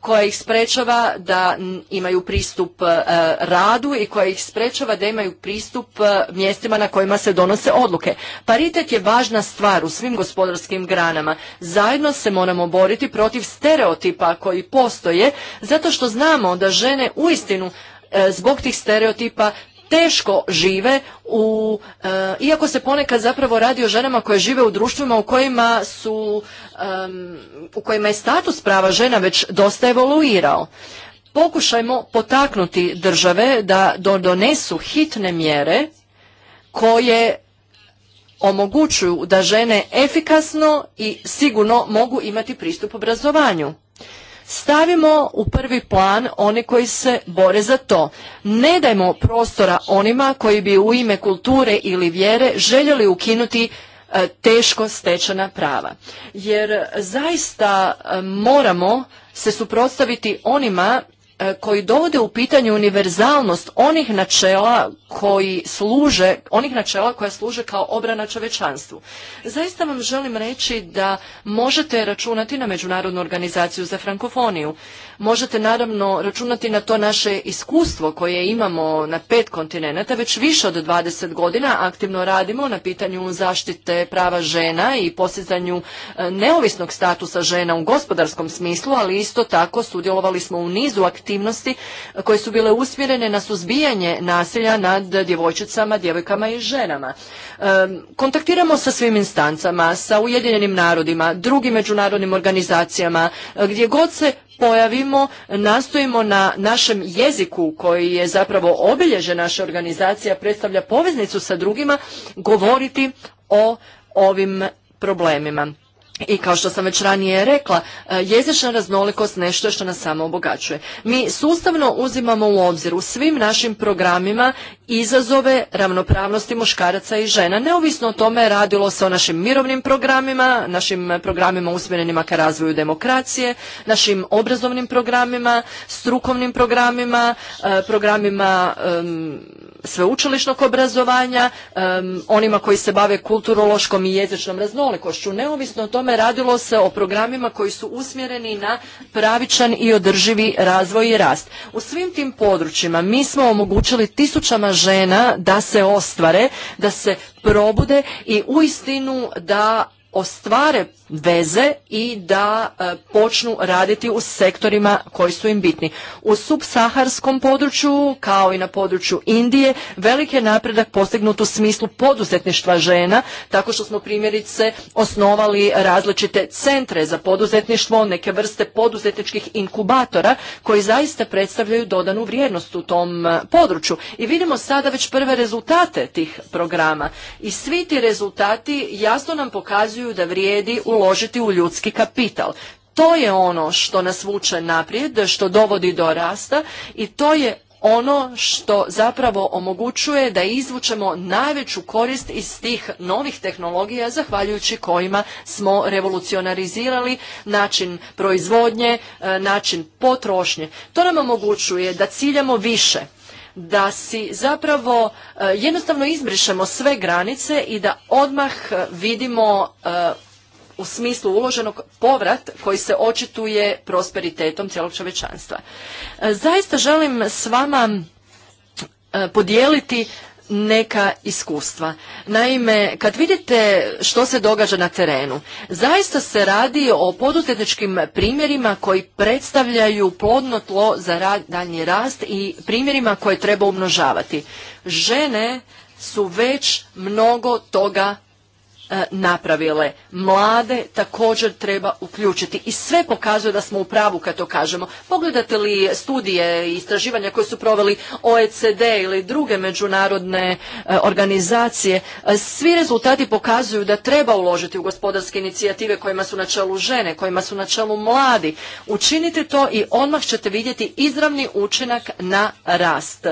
koja ih sprečava da imaju pristup e, radu i koja ih sprečava da imaju pristup e, mjestima na kojima se donose odluke. Paritet je važna stvar u svim gospodarskim granama. Zajedno se moramo boriti protiv stereotipa koji postoje zato što znamo da žene uistinu e, zbog tih stereotipa teško žive u, e, iako se ponekad zapravo radi o ženama koje žive u društvima u kojima su u kojima je status prava žena već dosta evoluirao pokušajmo potaknuti države da donesu hitne mjere koje omogućuju da žene efikasno i sigurno mogu imati pristup obrazovanju Stavimo u prvi plan one koji se bore za to. Ne dajmo prostora onima koji bi u ime kulture ili vjere željeli ukinuti e, teško stečena prava. Jer zaista e, moramo se suprotstaviti onima E, koji dovode u pitanje univerzalnost onih načela koji služe, onih načela koja služe kao obrana čovečanstvu. Zaista vam želim reći da možete računati na Međunarodnu organizaciju za frankofoniju možete naravno računati na to naše iskustvo koje imamo na pet kontinenata, već više od 20 godina aktivno radimo na pitanju zaštite prava žena i postizanju e, neovisnog statusa žena u gospodarskom smislu, ali isto tako sudjelovali smo u nizu aktivnosti koje su bile usmjerene na suzbijanje nasilja nad djevojčicama, djevojkama i ženama. E, kontaktiramo sa svim instancama, sa Ujedinjenim narodima, drugim međunarodnim organizacijama, e, gdje god se pojavimo, nastojimo na našem jeziku koji je zapravo obilježe naša organizacija, predstavlja poveznicu sa drugima, govoriti o ovim problemima i kao što sam već ranije rekla, e, jezična raznolikost nešto je što nas samo obogaćuje. Mi sustavno uzimamo u obzir u svim našim programima izazove ravnopravnosti muškaraca i žena, neovisno o tome radilo se o našim mirovnim programima, našim programima usmjerenima ka razvoju demokracije, našim obrazovnim programima, strukovnim programima, e, programima sveučilišnog obrazovanja, onima koji se bave kulturološkom i jezičnom raznolikošću, neovisno o tome radilo se o programima koji su usmjereni na pravičan i održivi razvoj i rast. U svim tim područjima mi smo omogućili tisućama žena da se ostvare, da se probude i uistinu da ostvare veze i da e, počnu raditi u sektorima koji su im bitni. U subsaharskom području, kao i na području Indije, velik je napredak postignut u smislu poduzetništva žena, tako što smo primjerice osnovali različite centre za poduzetništvo, neke vrste poduzetničkih inkubatora, koji zaista predstavljaju dodanu vrijednost u tom e, području. I vidimo sada već prve rezultate tih programa. I svi ti rezultati jasno nam pokazuju da vrijedi uložiti u ljudski kapital. To je ono što nas vuče naprijed, što dovodi do rasta i to je ono što zapravo omogućuje da izvučemo najveću korist iz tih novih tehnologija zahvaljujući kojima smo revolucionarizirali način proizvodnje, e, način potrošnje. To nam omogućuje da ciljamo više da si zapravo eh, jednostavno izbrišemo sve granice i da odmah eh, vidimo eh, u smislu uloženog povrat koji se očituje prosperitetom cijelog čovečanstva. Zaista želim s vama podijeliti neka iskustva. Naime, kad vidite što se događa na terenu, zaista se radi o poduzetničkim primjerima koji predstavljaju plodno tlo za daljnji rast i primjerima koje treba umnožavati. Žene su već mnogo toga E, napravile. Mlade također treba uključiti i sve pokazuje da smo u pravu kad to kažemo. Pogledate li studije i istraživanja koje su proveli OECD ili druge međunarodne e, organizacije, e, svi rezultati pokazuju da treba uložiti u gospodarske inicijative kojima su na čelu žene, kojima su na čelu mladi. Učinite to i odmah ćete vidjeti izravni učinak na rast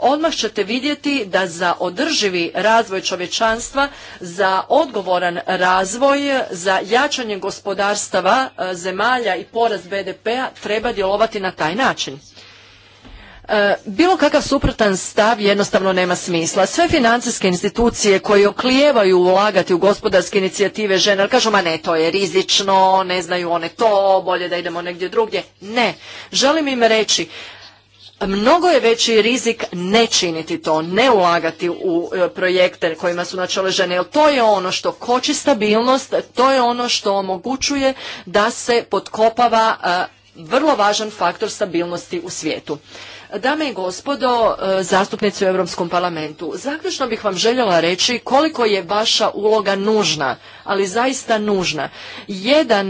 odmah ćete vidjeti da za održivi razvoj čovječanstva, za odgovoran razvoj, za jačanje gospodarstava e, zemalja i poraz BDP-a treba djelovati na taj način. E, bilo kakav suprotan stav jednostavno nema smisla. Sve financijske institucije koje oklijevaju ulagati u gospodarske inicijative žena, kažu ma ne, to je rizično, ne znaju one to, bolje da idemo negdje drugdje. Ne. Želim im reći, Mnogo je veći rizik ne činiti to, ne ulagati u e, projekte kojima su načele žene, jer to je ono što koči stabilnost, to je ono što omogućuje da se potkopava e, vrlo važan faktor stabilnosti u svijetu. Dame i gospodo, e, zastupnici u Europskom parlamentu, zaključno bih vam željela reći koliko je vaša uloga nužna, ali zaista nužna. Jedan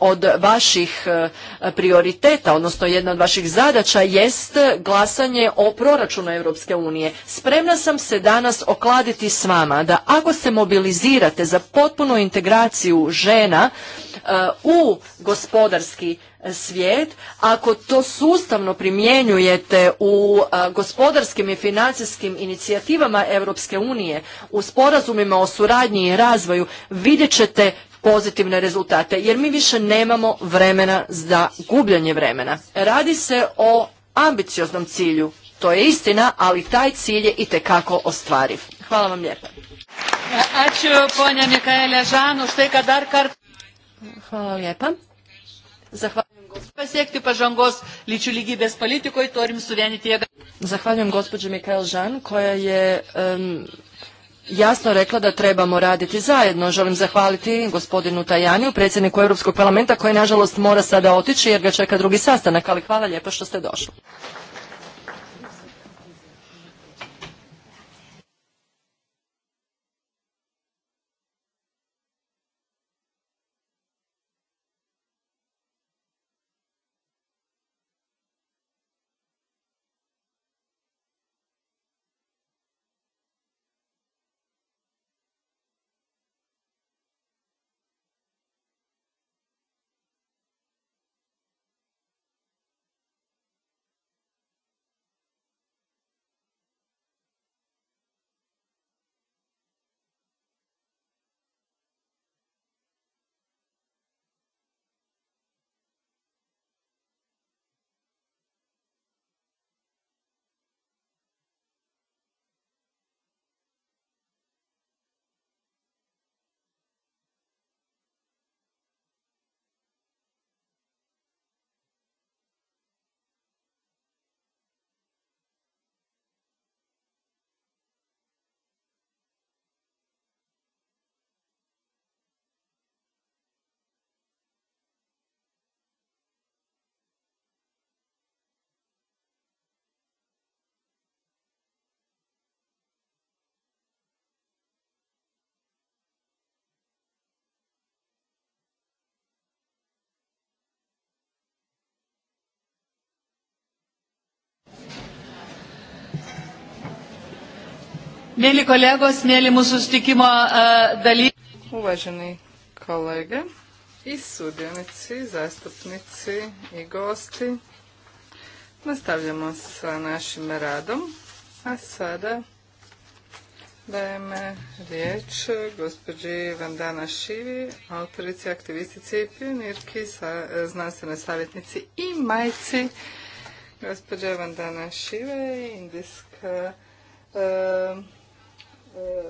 od vaših e, prioriteta, odnosno jedna od vaših zadaća, jest glasanje o proračunu Europske unije. Spremna sam se danas okladiti s vama da ako se mobilizirate za potpunu integraciju žena e, u gospodarski svijet, ako to sustavno primjenjujete u gospodarskim i financijskim inicijativama Europske unije, u sporazumima o suradnji i razvoju, vidjet ćete pozitivne rezultate, jer mi više nemamo vremena za gubljanje vremena. Radi se o ambicioznom cilju, to je istina, ali taj cilj je i tekako ostvariv. Hvala vam lijepa. Hvala lijepa. Zahvaljujem pasiekti lyčių politikoje, Zahvaljujem gospođe Mikael Žan koja je jasno rekla da trebamo raditi zajedno. Želim zahvaliti gospodinu Tajaniju, predsjedniku Europskog parlamenta koji nažalost mora sada otići jer ga čeka drugi sastanak, ali hvala lijepo što ste došli. Mėly kolegos, mėly mūsų sustikimo e, dalyviai. Uvaženi kolege i sudionici, zastupnici i gosti, nastavljamo sa našim radom, a sada dajem riječ gospođi Vandana Šivi, autorici, aktivistici i pionirki, e, znanstvene savjetnici i majci. Gospođa Vandana Šive, indijska e, E,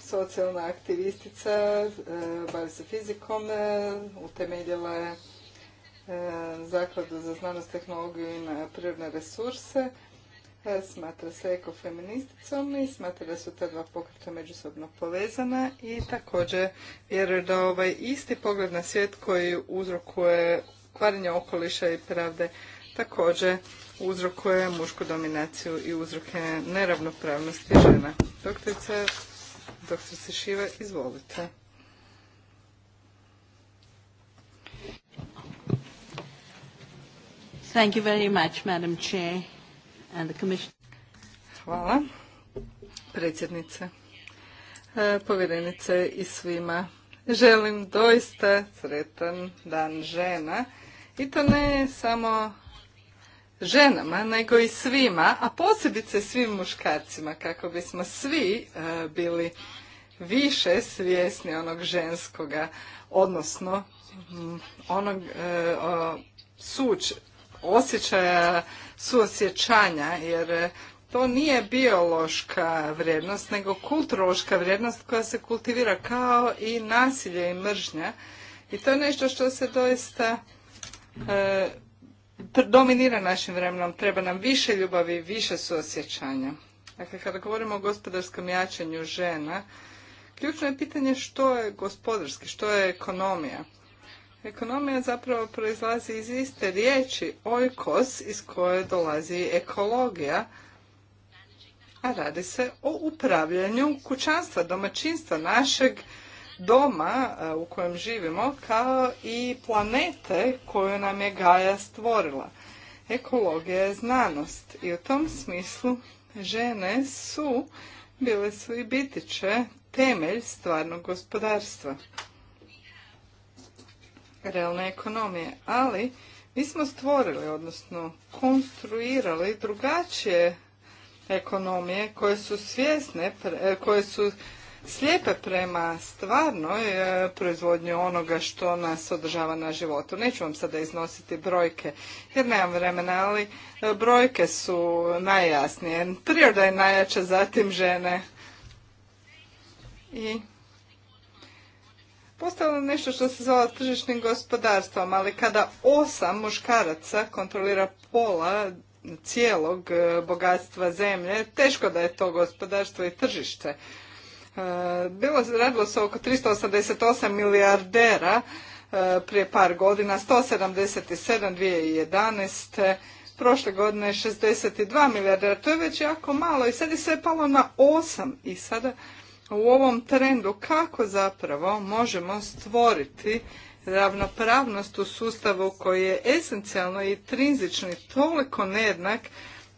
socijalna aktivistica, e, bavi se fizikom, e, utemeljila je Zakladu za znanost, tehnologiju i na prirodne resurse, smatra se ekofeministicom i smatra da su ta dva pokreta međusobno povezana i također vjeruje da ovaj isti pogled na svijet koji uzrokuje kvarenje okoliša i pravde također uzrokuje mušku dominaciju i uzroke neravnopravnosti žena. Doktorica, doktorice Šiva, izvolite. Thank you very much, Madam Chair and the Commission. Hvala, predsjednice, e, povjerenice i svima. Želim doista sretan dan žena i to ne samo ženama, nego i svima, a posebice svim muškarcima, kako bismo svi e, bili više svjesni onog ženskoga, odnosno onog e, osjećaja suosjećanja, jer e, to nije biološka vrijednost, nego kulturološka vrijednost koja se kultivira kao i nasilje i mržnja. I to je nešto što se doista dominira našim vremenom. Treba nam više ljubavi, više suosjećanja. Dakle, kada govorimo o gospodarskom jačanju žena, ključno je pitanje što je gospodarski, što je ekonomija. Ekonomija zapravo proizlazi iz iste riječi ojkos iz koje dolazi ekologija, a radi se o upravljanju kućanstva, domaćinstva, našeg doma e, u kojem živimo kao i planete koju nam je Gaja stvorila. Ekologija je znanost i u tom smislu žene su, bile su i biti će temelj stvarnog gospodarstva realne ekonomije, ali mi smo stvorili, odnosno konstruirali drugačije ekonomije koje su svjesne, e, koje su slijepe prema stvarnoj e, proizvodnji onoga što nas održava na životu. Neću vam sada iznositi brojke jer nemam vremena, ali e, brojke su najjasnije. Priroda je najjača, zatim žene. I Postalo nešto što se zove tržišnim gospodarstvom, ali kada osam muškaraca kontrolira pola cijelog e, bogatstva zemlje, teško da je to gospodarstvo i tržište. E, bilo radilo se oko 388 milijardera e, prije par godina, 177 2011 prošle godine 62 milijardera, to je već jako malo i sad je sve palo na 8 i sada u ovom trendu kako zapravo možemo stvoriti ravnopravnost u sustavu koji je esencijalno i trinzično toliko nejednak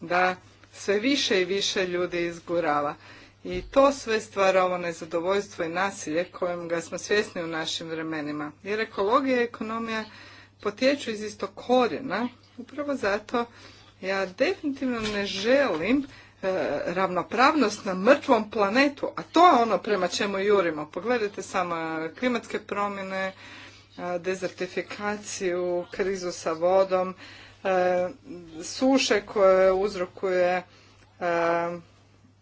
da sve više i više ljudi izgurava. I to sve stvara ovo nezadovoljstvo i nasilje kojem ga smo svjesni u našim vremenima. Jer ekologija i ekonomija potječu iz istog korijena. Upravo zato ja definitivno ne želim e, ravnopravnost na mrtvom planetu, a to je ono prema čemu jurimo. Pogledajte samo e, klimatske promjene, e, dezertifikaciju, krizu sa vodom, suše koje uzrokuje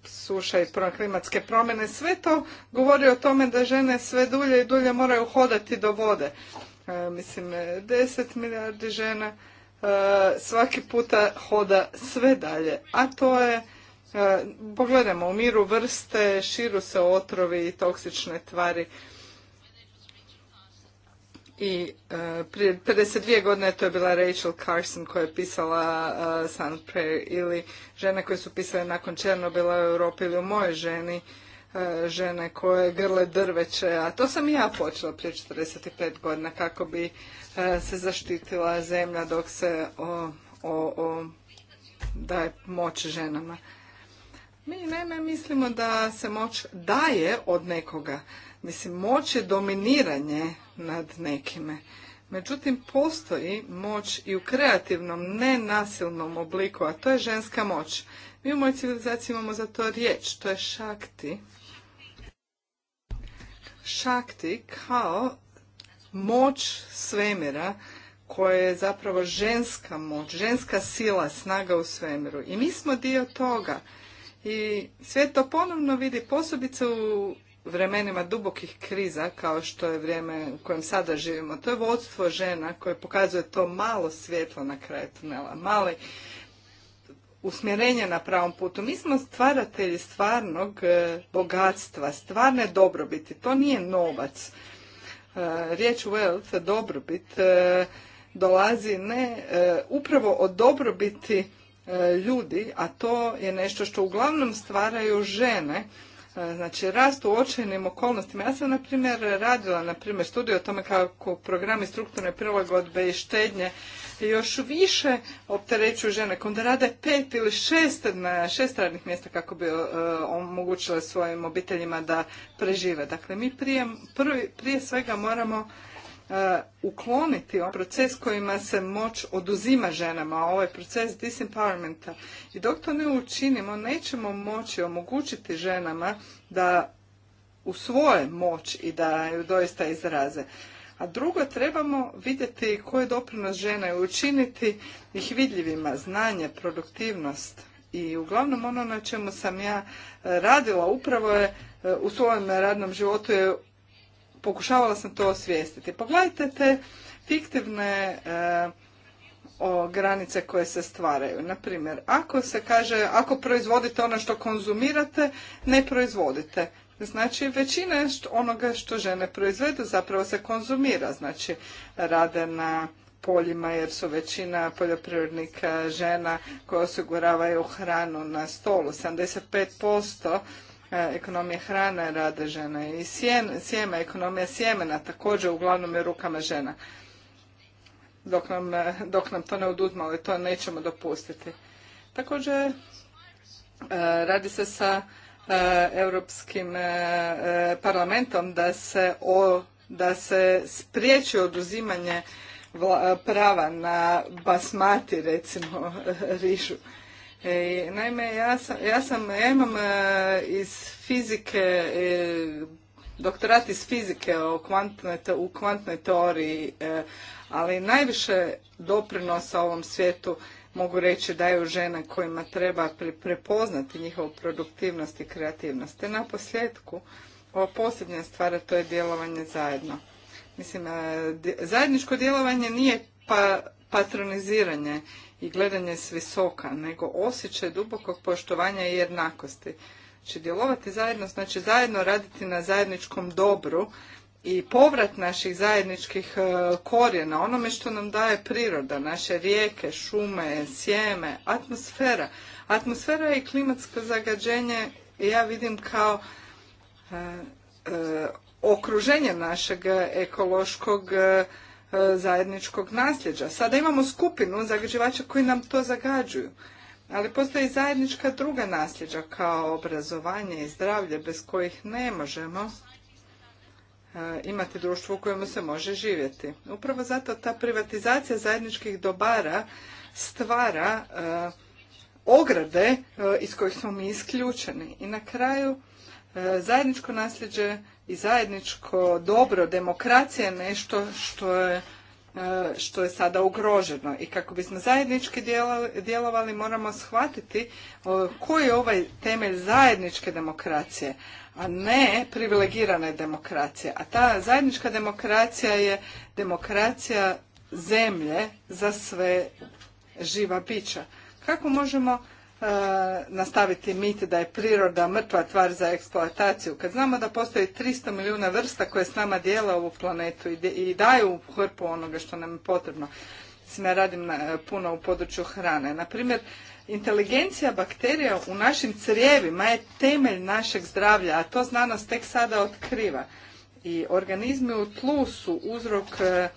suša i klimatske promjene, sve to govori o tome da žene sve dulje i dulje moraju hodati do vode. E, mislim, 10 milijardi žena e, svaki puta hoda sve dalje, a to je e, Pogledajmo, u miru vrste, širu se otrovi i toksične tvari i e, prije 52 godine to je bila Rachel Carson koja je pisala uh, e, Sun Prayer ili žene koje su pisale nakon Černobila u Europi ili u mojoj ženi e, žene koje grle drveće, a to sam i ja počela prije 45 godina kako bi e, se zaštitila zemlja dok se o, o, o daje moć ženama. Mi naime mislimo da se moć daje od nekoga. Mislim, moć je dominiranje nad nekime. Međutim, postoji moć i u kreativnom, nenasilnom obliku, a to je ženska moć. Mi u mojoj civilizaciji imamo za to riječ, to je šakti. Šakti kao moć svemira koja je zapravo ženska moć, ženska sila, snaga u svemiru. I mi smo dio toga. I sve to ponovno vidi posebice u vremenima dubokih kriza kao što je vrijeme u kojem sada živimo. To je vodstvo žena koje pokazuje to malo svjetlo na kraju tunela, male usmjerenje na pravom putu. Mi smo stvaratelji stvarnog e, bogatstva, stvarne dobrobiti. To nije novac. E, riječ wealth, dobrobit, e, dolazi ne upravo od dobrobiti E, ljudi, a to je nešto što uglavnom stvaraju žene, e, znači rast u očajnim okolnostima. Ja sam, na primjer, radila, na primjer, studiju o tome kako programi strukturne prilagodbe i štednje još više opterećuju žene, kada rade pet ili šest, šest radnih mjesta kako bi uh, omogućile svojim obiteljima da prežive. Dakle, mi prije, prvi, prije svega moramo Uh, ukloniti ovaj proces kojima se moć oduzima ženama, ovaj proces disempowermenta. I dok to ne učinimo, nećemo moći omogućiti ženama da usvoje moć i da ju doista izraze. A drugo, trebamo vidjeti koje je doprinos žena i učiniti ih vidljivima, znanje, produktivnost. I uglavnom ono na čemu sam ja eh, radila upravo je eh, u svojem radnom životu je pokušavala sam to osvijestiti. Pogledajte te fiktivne e, o granice koje se stvaraju. Na ako se kaže, ako proizvodite ono što konzumirate, ne proizvodite. Znači, većina onoga što žene proizvedu zapravo se konzumira. Znači, rade na poljima jer su većina poljoprivrednika žena koje osiguravaju hranu na stolu. 75% E, ekonomije hrane rade žene i sjeme, ekonomija sjemena također uglavnom je rukama žena. Dok nam, e, dok nam to ne oduzme, ali to nećemo dopustiti. Također e, radi se sa Europskim parlamentom da se, o, da se spriječi oduzimanje prava na basmati recimo rižu E, naime, ja sam, ja, imam e, iz fizike, e, doktorat iz fizike o u kvantnoj teoriji, e, ali najviše doprinosa ovom svijetu mogu reći daju žene kojima treba prepoznati njihovu produktivnost i kreativnost. Te na posljedku, ova posljednja stvar, to je djelovanje zajedno. Mislim, zajedničko djelovanje nije pa, patroniziranje i gledanje s visoka, nego osjećaj dubokog poštovanja i jednakosti. Znači djelovati zajedno, znači zajedno raditi na zajedničkom dobru i povrat naših zajedničkih e, korijena, onome što nam daje priroda, naše rijeke, šume, sjeme, atmosfera. Atmosfera i klimatsko zagađenje ja vidim kao e, e, okruženje našeg ekološkog E, zajedničkog nasljeđa. Sada imamo skupinu zagađivača koji nam to zagađuju. Ali postoji zajednička druga nasljeđa kao obrazovanje i zdravlje bez kojih ne možemo e, imati društvo u kojemu se može živjeti. Upravo zato ta privatizacija zajedničkih dobara stvara e, ograde iz kojih smo mi isključeni. I na kraju zajedničko nasljeđe i zajedničko dobro demokracije je nešto što je e, što je sada ugroženo. I kako bismo zajednički djelovali moramo shvatiti e, koji je ovaj temelj zajedničke demokracije, a ne privilegirane demokracije. A ta zajednička demokracija je demokracija zemlje za sve živa bića. Kako možemo E, nastaviti mit da je priroda mrtva tvar za eksploataciju. Kad znamo da postoji 300 milijuna vrsta koje s nama dijele ovu planetu i daju hrpu onoga što nam je potrebno. Mislim, ja radim e, puno u području hrane. Naprimjer, inteligencija bakterija u našim crijevima je temelj našeg zdravlja, a to znanost tek sada otkriva. I organizmi u tlu su uzrok e,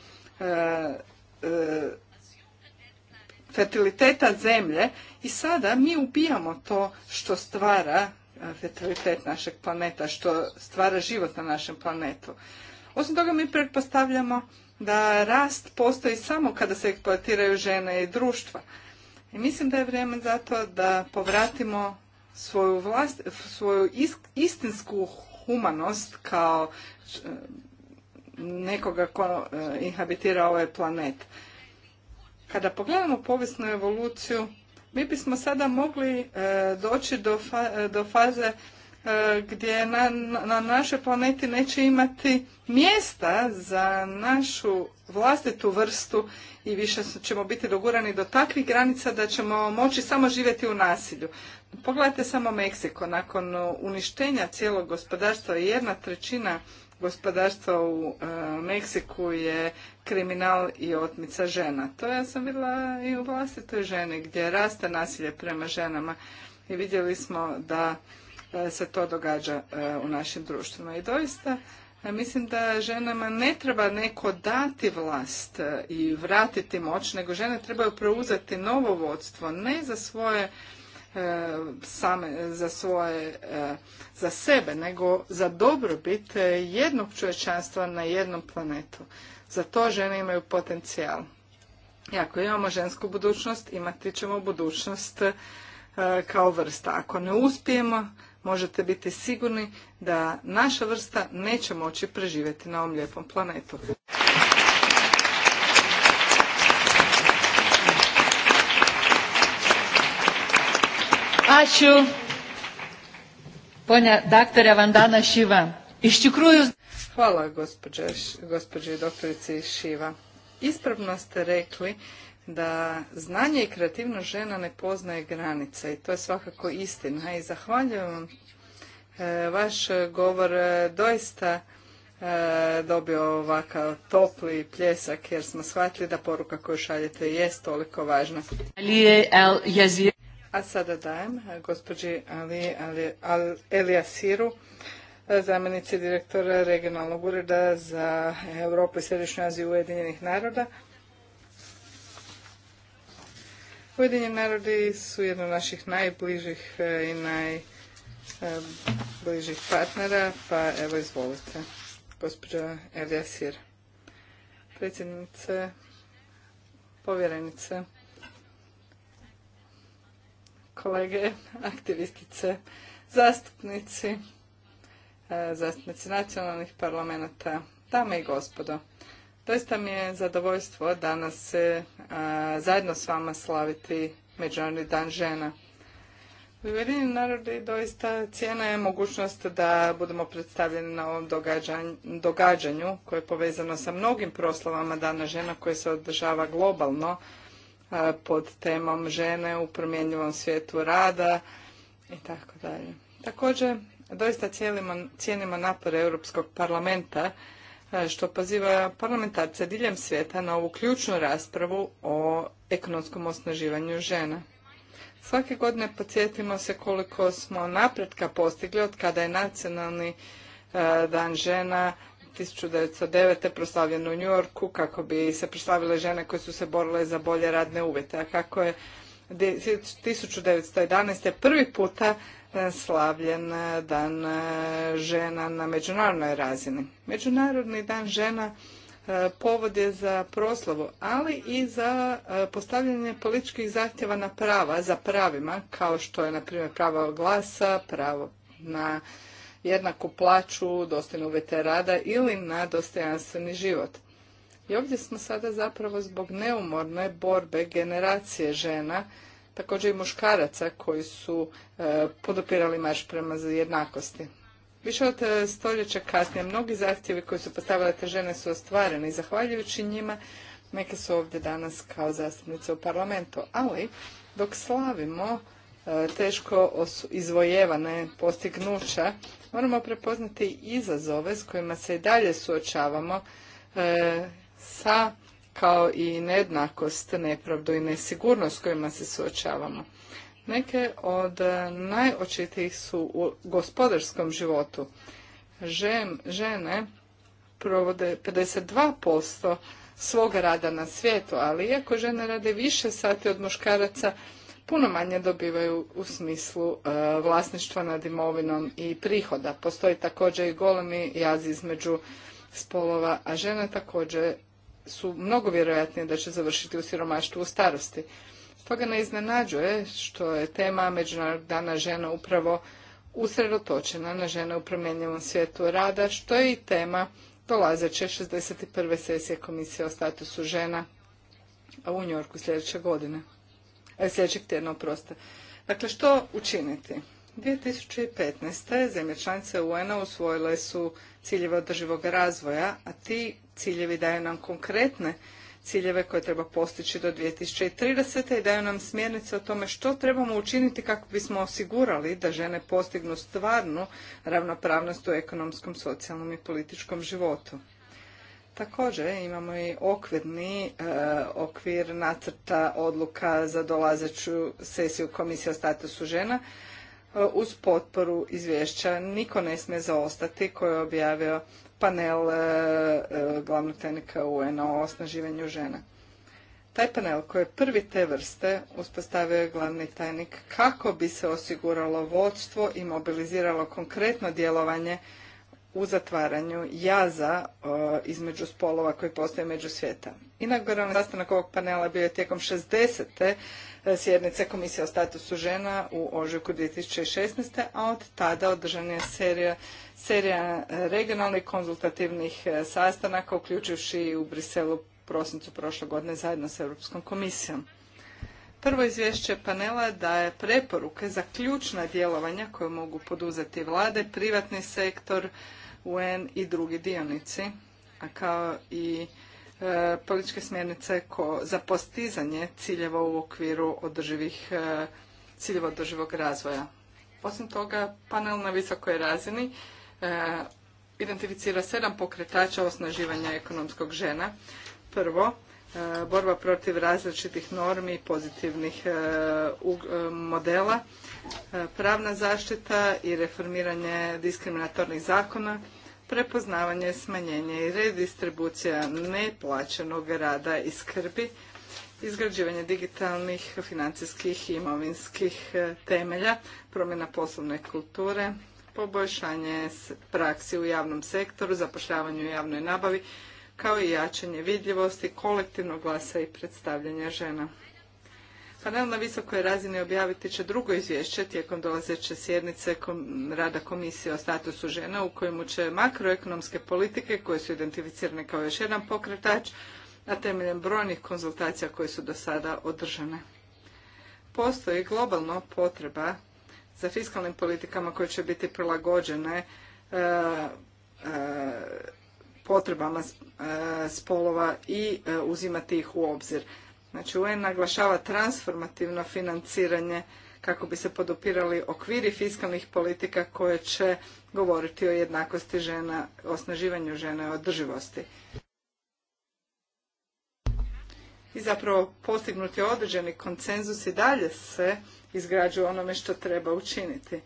fertiliteta zemlje i sada mi ubijamo to što stvara e, fertilitet našeg planeta, što stvara život na našem planetu. Osim toga mi pretpostavljamo da rast postoji samo kada se eksploatiraju žene i društva. I mislim da je vrijeme zato da povratimo svoju, vlast, svoju istinsku humanost kao e, nekoga ko e, inhabitira ovaj planet. Kada pogledamo povijesnu evoluciju, mi bismo sada mogli e, doći do, e, do faze e, gdje na, na našoj planeti neće imati mjesta za našu vlastitu vrstu i više ćemo biti dogurani do takvih granica da ćemo moći samo živjeti u nasilju. Pogledajte samo Meksiko. Nakon uništenja cijelog gospodarstva jedna trećina gospodarstva u e, Meksiku je kriminal i otmica žena. To ja sam vidjela i u vlastitoj ženi gdje raste nasilje prema ženama i vidjeli smo da e, se to događa e, u našim društvima. I doista mislim da ženama ne treba neko dati vlast i vratiti moć, nego žene trebaju preuzeti novo vodstvo, ne za svoje E, same za svoje, e, za sebe, nego za dobrobit jednog čovječanstva na jednom planetu. Za to žene imaju potencijal. I ako imamo žensku budućnost, imati ćemo budućnost e, kao vrsta. Ako ne uspijemo, možete biti sigurni da naša vrsta neće moći preživjeti na ovom lijepom planetu. Ačiū. Pone daktare Vandana Šiva, iš tikrųjų... Hvala gospodžiai doktorice Šiva. Ispravno ste rekli da znanje i kreativnost žena ne poznaje granice i to je svakako istina i zahvaljujem vam e, vaš govor e, doista e, dobio ovakav topli pljesak jer smo shvatili da poruka koju šaljete je toliko važna. je a sada dajem eh, gospođi Ali, Ali, Ali Eliasiru, eh, zamjenici direktora regionalnog ureda za Europu i Središnju Aziju Ujedinjenih naroda. Ujedinjeni narodi su jedno od naših najbližih eh, i najbližih partnera, pa evo izvolite, gospođa Sir. Predsjednice, povjerenice, kolege, aktivistice, zastupnici, e, zastupnici nacionalnih parlamenta, dame i gospodo. Doista mi je zadovoljstvo danas se e, zajedno s vama slaviti Međunarodni dan žena. U Ujedinjenim narodi doista cijena je mogućnost da budemo predstavljeni na ovom događanju, događanju koje je povezano sa mnogim proslavama Dana žena koje se održava globalno pod temom žene u promjenjivom svijetu rada i tako dalje. Također, doista cijelimo, cijenimo napore Europskog parlamenta što poziva parlamentarce diljem svijeta na ovu ključnu raspravu o ekonomskom osnaživanju žena. Svake godine podsjetimo se koliko smo napretka postigli od kada je nacionalni dan žena 1909. proslavljen u Njorku kako bi se proslavile žene koje su se borile za bolje radne uvjete. A kako je 1911. prvi puta e, slavljen e, dan e, žena na međunarodnoj razini. Međunarodni dan žena povod je za proslavu, ali i za postavljanje političkih zahtjeva na prava, za pravima, kao što je, na primjer, pravo glasa, pravo na jednaku plaću, dostojnu uvjete rada ili na dostojanstveni život. I ovdje smo sada zapravo zbog neumorne borbe generacije žena, također i muškaraca koji su e, podopirali marš prema jednakosti. Više od e, stoljeća kasnije mnogi zahtjevi koji su postavile te žene su ostvareni i zahvaljujući njima neke su ovdje danas kao zastupnice u parlamentu. Ali dok slavimo e, teško izvojevane postignuća Moramo prepoznati izazove s kojima se i dalje suočavamo e, sa kao i nejednakost, nepravdu i nesigurnost s kojima se suočavamo. Neke od najočitijih su u gospodarskom životu. žene provode 52% svoga rada na svijetu, ali iako žene rade više sati od muškaraca, puno manje dobivaju u smislu e, vlasništva nad imovinom i prihoda. Postoji također i golemi jaz između spolova, a žene također su mnogo vjerojatnije da će završiti u siromaštvu u starosti. Stoga ne iznenađuje što je tema Međunarodnog dana žena upravo usredotočena na žene u promjenjivom svijetu rada, što je i tema dolazeće 61. sesije Komisije o statusu žena u Njorku sljedeće godine. E, sljedećeg tjedna, oproste. Dakle, što učiniti? 2015. zemlje članice UN-a usvojile su ciljeve održivog razvoja, a ti ciljevi daju nam konkretne ciljeve koje treba postići do 2030. i daju nam smjernice o tome što trebamo učiniti kako bismo osigurali da žene postignu stvarnu ravnopravnost u ekonomskom, socijalnom i političkom životu. Također e, imamo i okvirni e, okvir nacrta odluka za dolazeću sesiju Komisije o statusu žena e, uz potporu izvješća Niko ne smije zaostati koji je objavio panel glavnog tajnika un o osnaživanju žena. Taj panel koji je prvi te vrste uspostavio je glavni tajnik kako bi se osiguralo vodstvo i mobiliziralo konkretno djelovanje u zatvaranju jaza e, između spolova koji postoje među svijeta. Inauguralni sastanak ovog panela bio je tijekom 60. E, sjednice Komisije o statusu žena u ožujku 2016. a od tada održana je serija, serija regionalnih konzultativnih e, sastanaka, uključujući i u Briselu prosincu prošle godine zajedno s Europskom komisijom. Prvo izvješće panela daje preporuke za ključna djelovanja koje mogu poduzeti vlade, privatni sektor, UN i drugi dionici, a kao i e, političke smjernice za postizanje ciljeva u okviru održivih, e, ciljeva održivog razvoja. Osim toga, panel na visokoj razini e, identificira sedam pokretača osnaživanja ekonomskog žena. Prvo, E, borba protiv različitih normi i pozitivnih e, e, modela, pravna zaštita i reformiranje diskriminatornih zakona, prepoznavanje, smanjenje i redistribucija neplaćenog rada i skrbi, izgrađivanje digitalnih, financijskih i imovinskih temelja, promjena poslovne kulture, poboljšanje praksi u javnom sektoru, zapošljavanje u javnoj nabavi, kao i jačanje vidljivosti, kolektivnog glasa i predstavljanja žena. Panel na visokoj razini objaviti će drugo izvješće tijekom dolazeće sjednice rada Komisije o statusu žena u kojemu će makroekonomske politike koje su identificirane kao još jedan pokretač, na temeljem brojnih konzultacija koje su do sada održane. Postoji globalno potreba za fiskalnim politikama koje će biti prilagođene e, e, potrebama e, spolova i e, uzimati ih u obzir. Znači UN naglašava transformativno financiranje kako bi se podupirali okviri fiskalnih politika koje će govoriti o jednakosti žena, osnaživanju žene, i održivosti. I zapravo postignuti određeni konsenzus i dalje se izgrađuje onome što treba učiniti.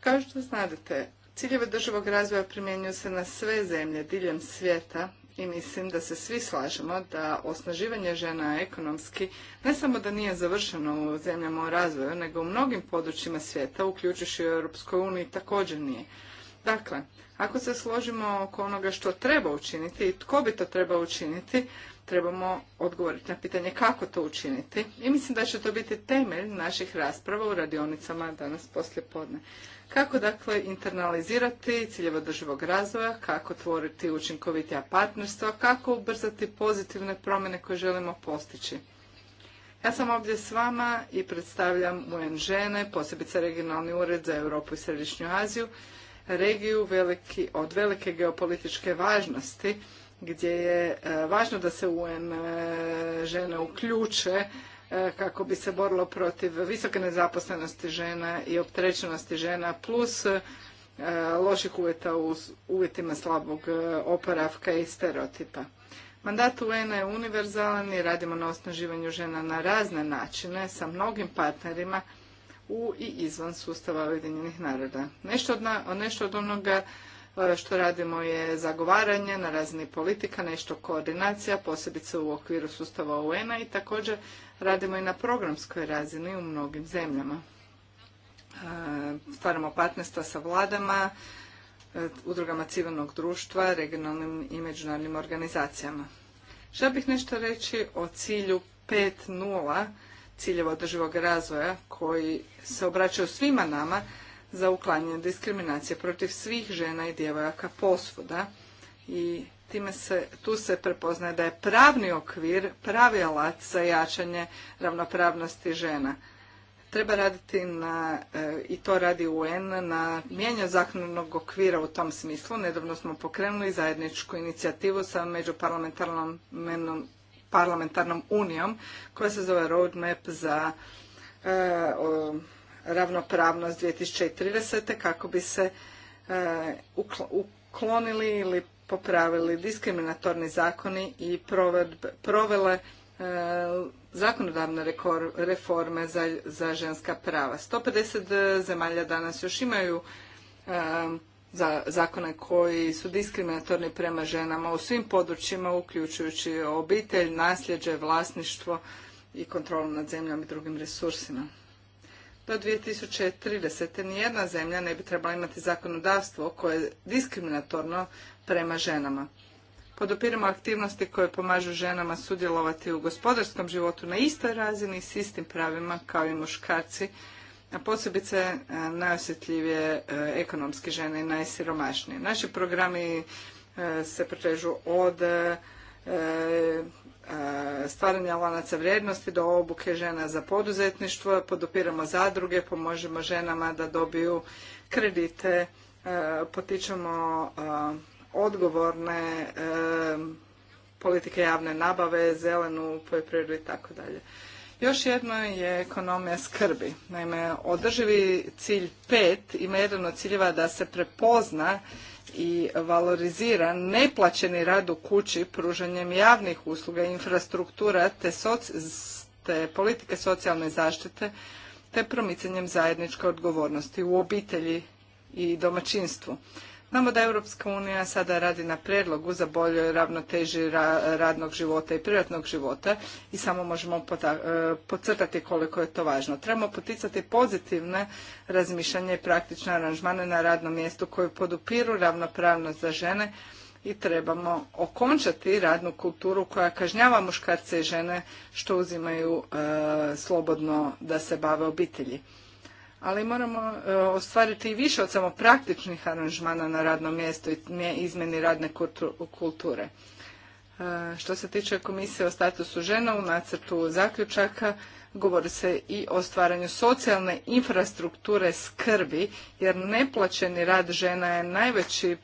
Kao što znadete, Ciljevi državog razvoja primjenjuju se na sve zemlje diljem svijeta i mislim da se svi slažemo da osnaživanje žena ekonomski ne samo da nije završeno u zemljama o razvoju, nego u mnogim područjima svijeta, uključujući u Europskoj uniji, također nije. Dakle, ako se složimo oko onoga što treba učiniti i tko bi to trebao učiniti, trebamo odgovoriti na pitanje kako to učiniti. I mislim da će to biti temelj naših rasprava u radionicama danas poslije podne. Kako dakle internalizirati ciljeve održivog razvoja, kako tvoriti učinkovitija partnerstva, kako ubrzati pozitivne promjene koje želimo postići. Ja sam ovdje s vama i predstavljam UN žene, posebice Regionalni ured za Europu i Središnju Aziju, regiju veliki, od velike geopolitičke važnosti, gdje je e, važno da se UN e, žene uključe E, kako bi se borilo protiv visoke nezaposlenosti žena i opterećenosti žena plus e, loših uvjeta u uvjetima slabog e, oporavka i stereotipa. Mandat un je univerzalan i radimo na osnaživanju žena na razne načine sa mnogim partnerima u i izvan sustava Ujedinjenih naroda. Nešto od, nešto od onoga E, što radimo je zagovaranje na razini politika, nešto koordinacija, posebice u okviru sustava UN-a i također radimo i na programskoj razini u mnogim zemljama. E, stvaramo partnerstva sa vladama, e, udrugama civilnog društva, regionalnim i međunarodnim organizacijama. Želio bih nešto reći o cilju 5.0, ciljeva održivog razvoja, koji se obraćaju svima nama, za uklanjanje diskriminacije protiv svih žena i djevojaka posvuda i time se, tu se prepoznaje da je pravni okvir pravi alat za jačanje ravnopravnosti žena. Treba raditi na, e, i to radi UN, na mijenju zakonodnog okvira u tom smislu. Nedavno smo pokrenuli zajedničku inicijativu sa međuparlamentarnom parlamentarnom unijom koja se zove Roadmap za e, ravnopravnost 2030. kako bi se e, uklonili ili popravili diskriminatorni zakoni i provele e, zakonodavne reforme za, ženska prava. 150 zemalja danas još imaju e, zakone koji su diskriminatorni prema ženama u svim područjima, uključujući obitelj, nasljeđe, vlasništvo i kontrolu nad zemljom i drugim resursima do 2030. nijedna zemlja ne bi trebala imati zakonodavstvo koje je diskriminatorno prema ženama. Podopiramo aktivnosti koje pomažu ženama sudjelovati u gospodarskom životu na istoj razini s istim pravima kao i muškarci, a posebice e, najosjetljivije e, ekonomske žene i najsiromašnije. Naši programi e, se protežu od stvaranja lanaca vrijednosti do obuke žena za poduzetništvo, podupiramo zadruge, pomožemo ženama da dobiju kredite, e, potičemo e, odgovorne e, politike javne nabave, zelenu poljoprivredu i tako dalje. Još jedno je ekonomija skrbi. Naime, održivi cilj pet ima jedan od ciljeva da se prepozna i valorizira neplaćeni rad u kući pružanjem javnih usluga, infrastruktura te, te politike socijalne zaštite te promicanjem zajedničke odgovornosti u obitelji i domaćinstvu. Znamo da Europska unija sada radi na predlogu za boljoj ravnoteži radnog života i privatnog života i samo možemo pocrtati e, koliko je to važno. Trebamo poticati pozitivne razmišljanje i praktične aranžmane na radnom mjestu koje podupiru ravnopravnost za žene i trebamo okončati radnu kulturu koja kažnjava muškarce i žene što uzimaju e, slobodno da se bave obitelji ali moramo e, ostvariti i više od samo praktičnih aranžmana na radnom mjestu i izmjeni radne kulture. E, što se tiče komisije o statusu žena u nacrtu zaključaka, govori se i o stvaranju socijalne infrastrukture skrbi, jer neplaćeni rad žena je najveći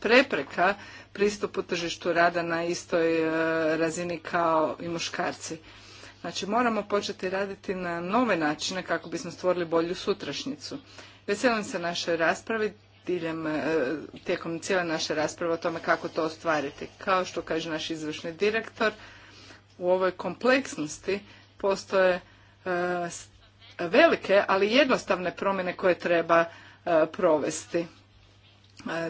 prepreka pristupu tržištu rada na istoj e, razini kao i muškarci. Znači moramo početi raditi na nove načine kako bismo stvorili bolju sutrašnjicu. Veselim se našoj raspravi diljem, e, tijekom cijele naše rasprave o tome kako to ostvariti. Kao što kaže naš izvršni direktor, u ovoj kompleksnosti postoje e, velike, ali jednostavne promjene koje treba e, provesti.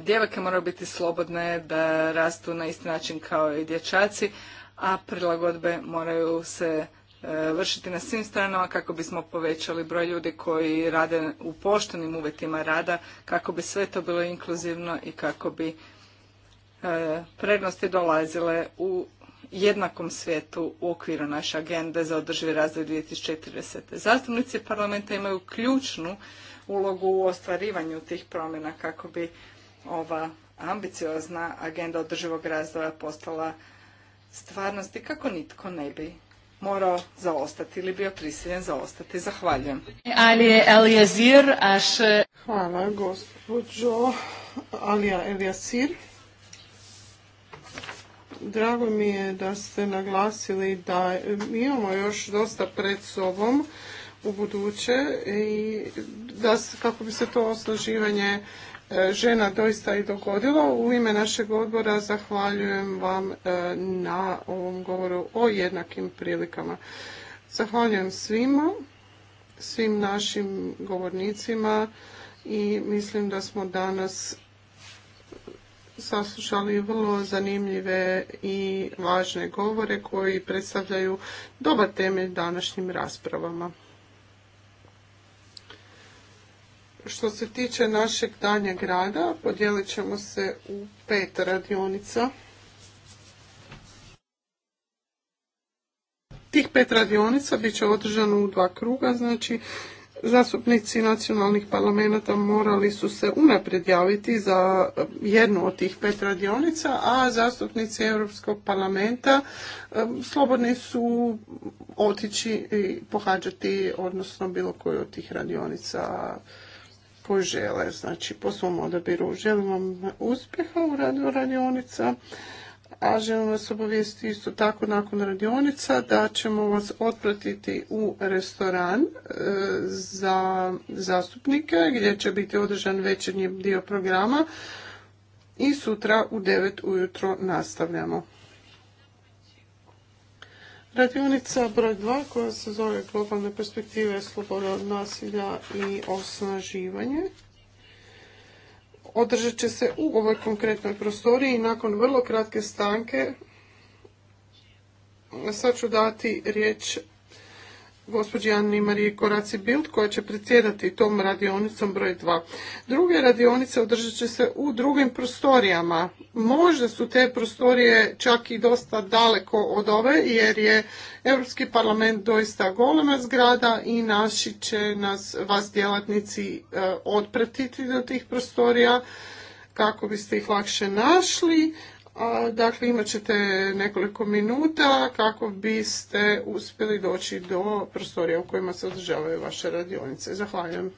Djevojke moraju biti slobodne da rastu na isti način kao i dječaci, a prilagodbe moraju se E, vršiti na svim stranama kako bismo povećali broj ljudi koji rade u poštenim uvjetima rada, kako bi sve to bilo inkluzivno i kako bi e, prednosti dolazile u jednakom svijetu u okviru naše agende za održivi razvoj 2040. Zastupnici parlamenta imaju ključnu ulogu u ostvarivanju tih promjena kako bi ova ambiciozna agenda održivog razvoja postala stvarnost i kako nitko ne bi morao zaostati ili bio prisiljen zaostati. Zahvaljujem. Ali aš... Hvala, gospođo Alija Eliasir. Drago mi je da ste naglasili da imamo još dosta pred sobom u buduće i da, kako bi se to osnaživanje E, žena doista i dogodilo. U ime našeg odbora zahvaljujem vam e, na ovom govoru o jednakim prilikama. Zahvaljujem svima, svim našim govornicima i mislim da smo danas saslušali vrlo zanimljive i važne govore koji predstavljaju dobar temelj današnjim raspravama. Što se tiče našeg danja grada, podijelit ćemo se u pet radionica. Tih pet radionica bit će održano u dva kruga, znači zastupnici nacionalnih parlamenta morali su se unaprijed javiti za jednu od tih pet radionica, a zastupnici Europskog parlamenta slobodni su otići i pohađati, odnosno bilo koju od tih radionica znači po svom odabiru. Želim vam uspjeha u radu radionica, a želim vas obavijesti isto tako nakon radionica da ćemo vas otpratiti u restoran e, za zastupnike gdje će biti održan večernji dio programa i sutra u 9 ujutro nastavljamo. Radionica broj 2 koja se zove globalne perspektive sloboda od nasilja i osnaživanje održat će se u ovoj konkretnoj prostoriji nakon vrlo kratke stanke. Sad ću dati riječ gospođi Anni Marije Koraci Bild koja će predsjedati tom radionicom broj 2. Druge radionice održat će se u drugim prostorijama. Možda su te prostorije čak i dosta daleko od ove jer je Europski parlament doista golema zgrada i naši će nas, vas djelatnici, e, odpratiti do tih prostorija kako biste ih lakše našli, Dakle, imat ćete nekoliko minuta kako biste uspjeli doći do prostorija u kojima se održavaju vaše radionice. Zahvaljujem.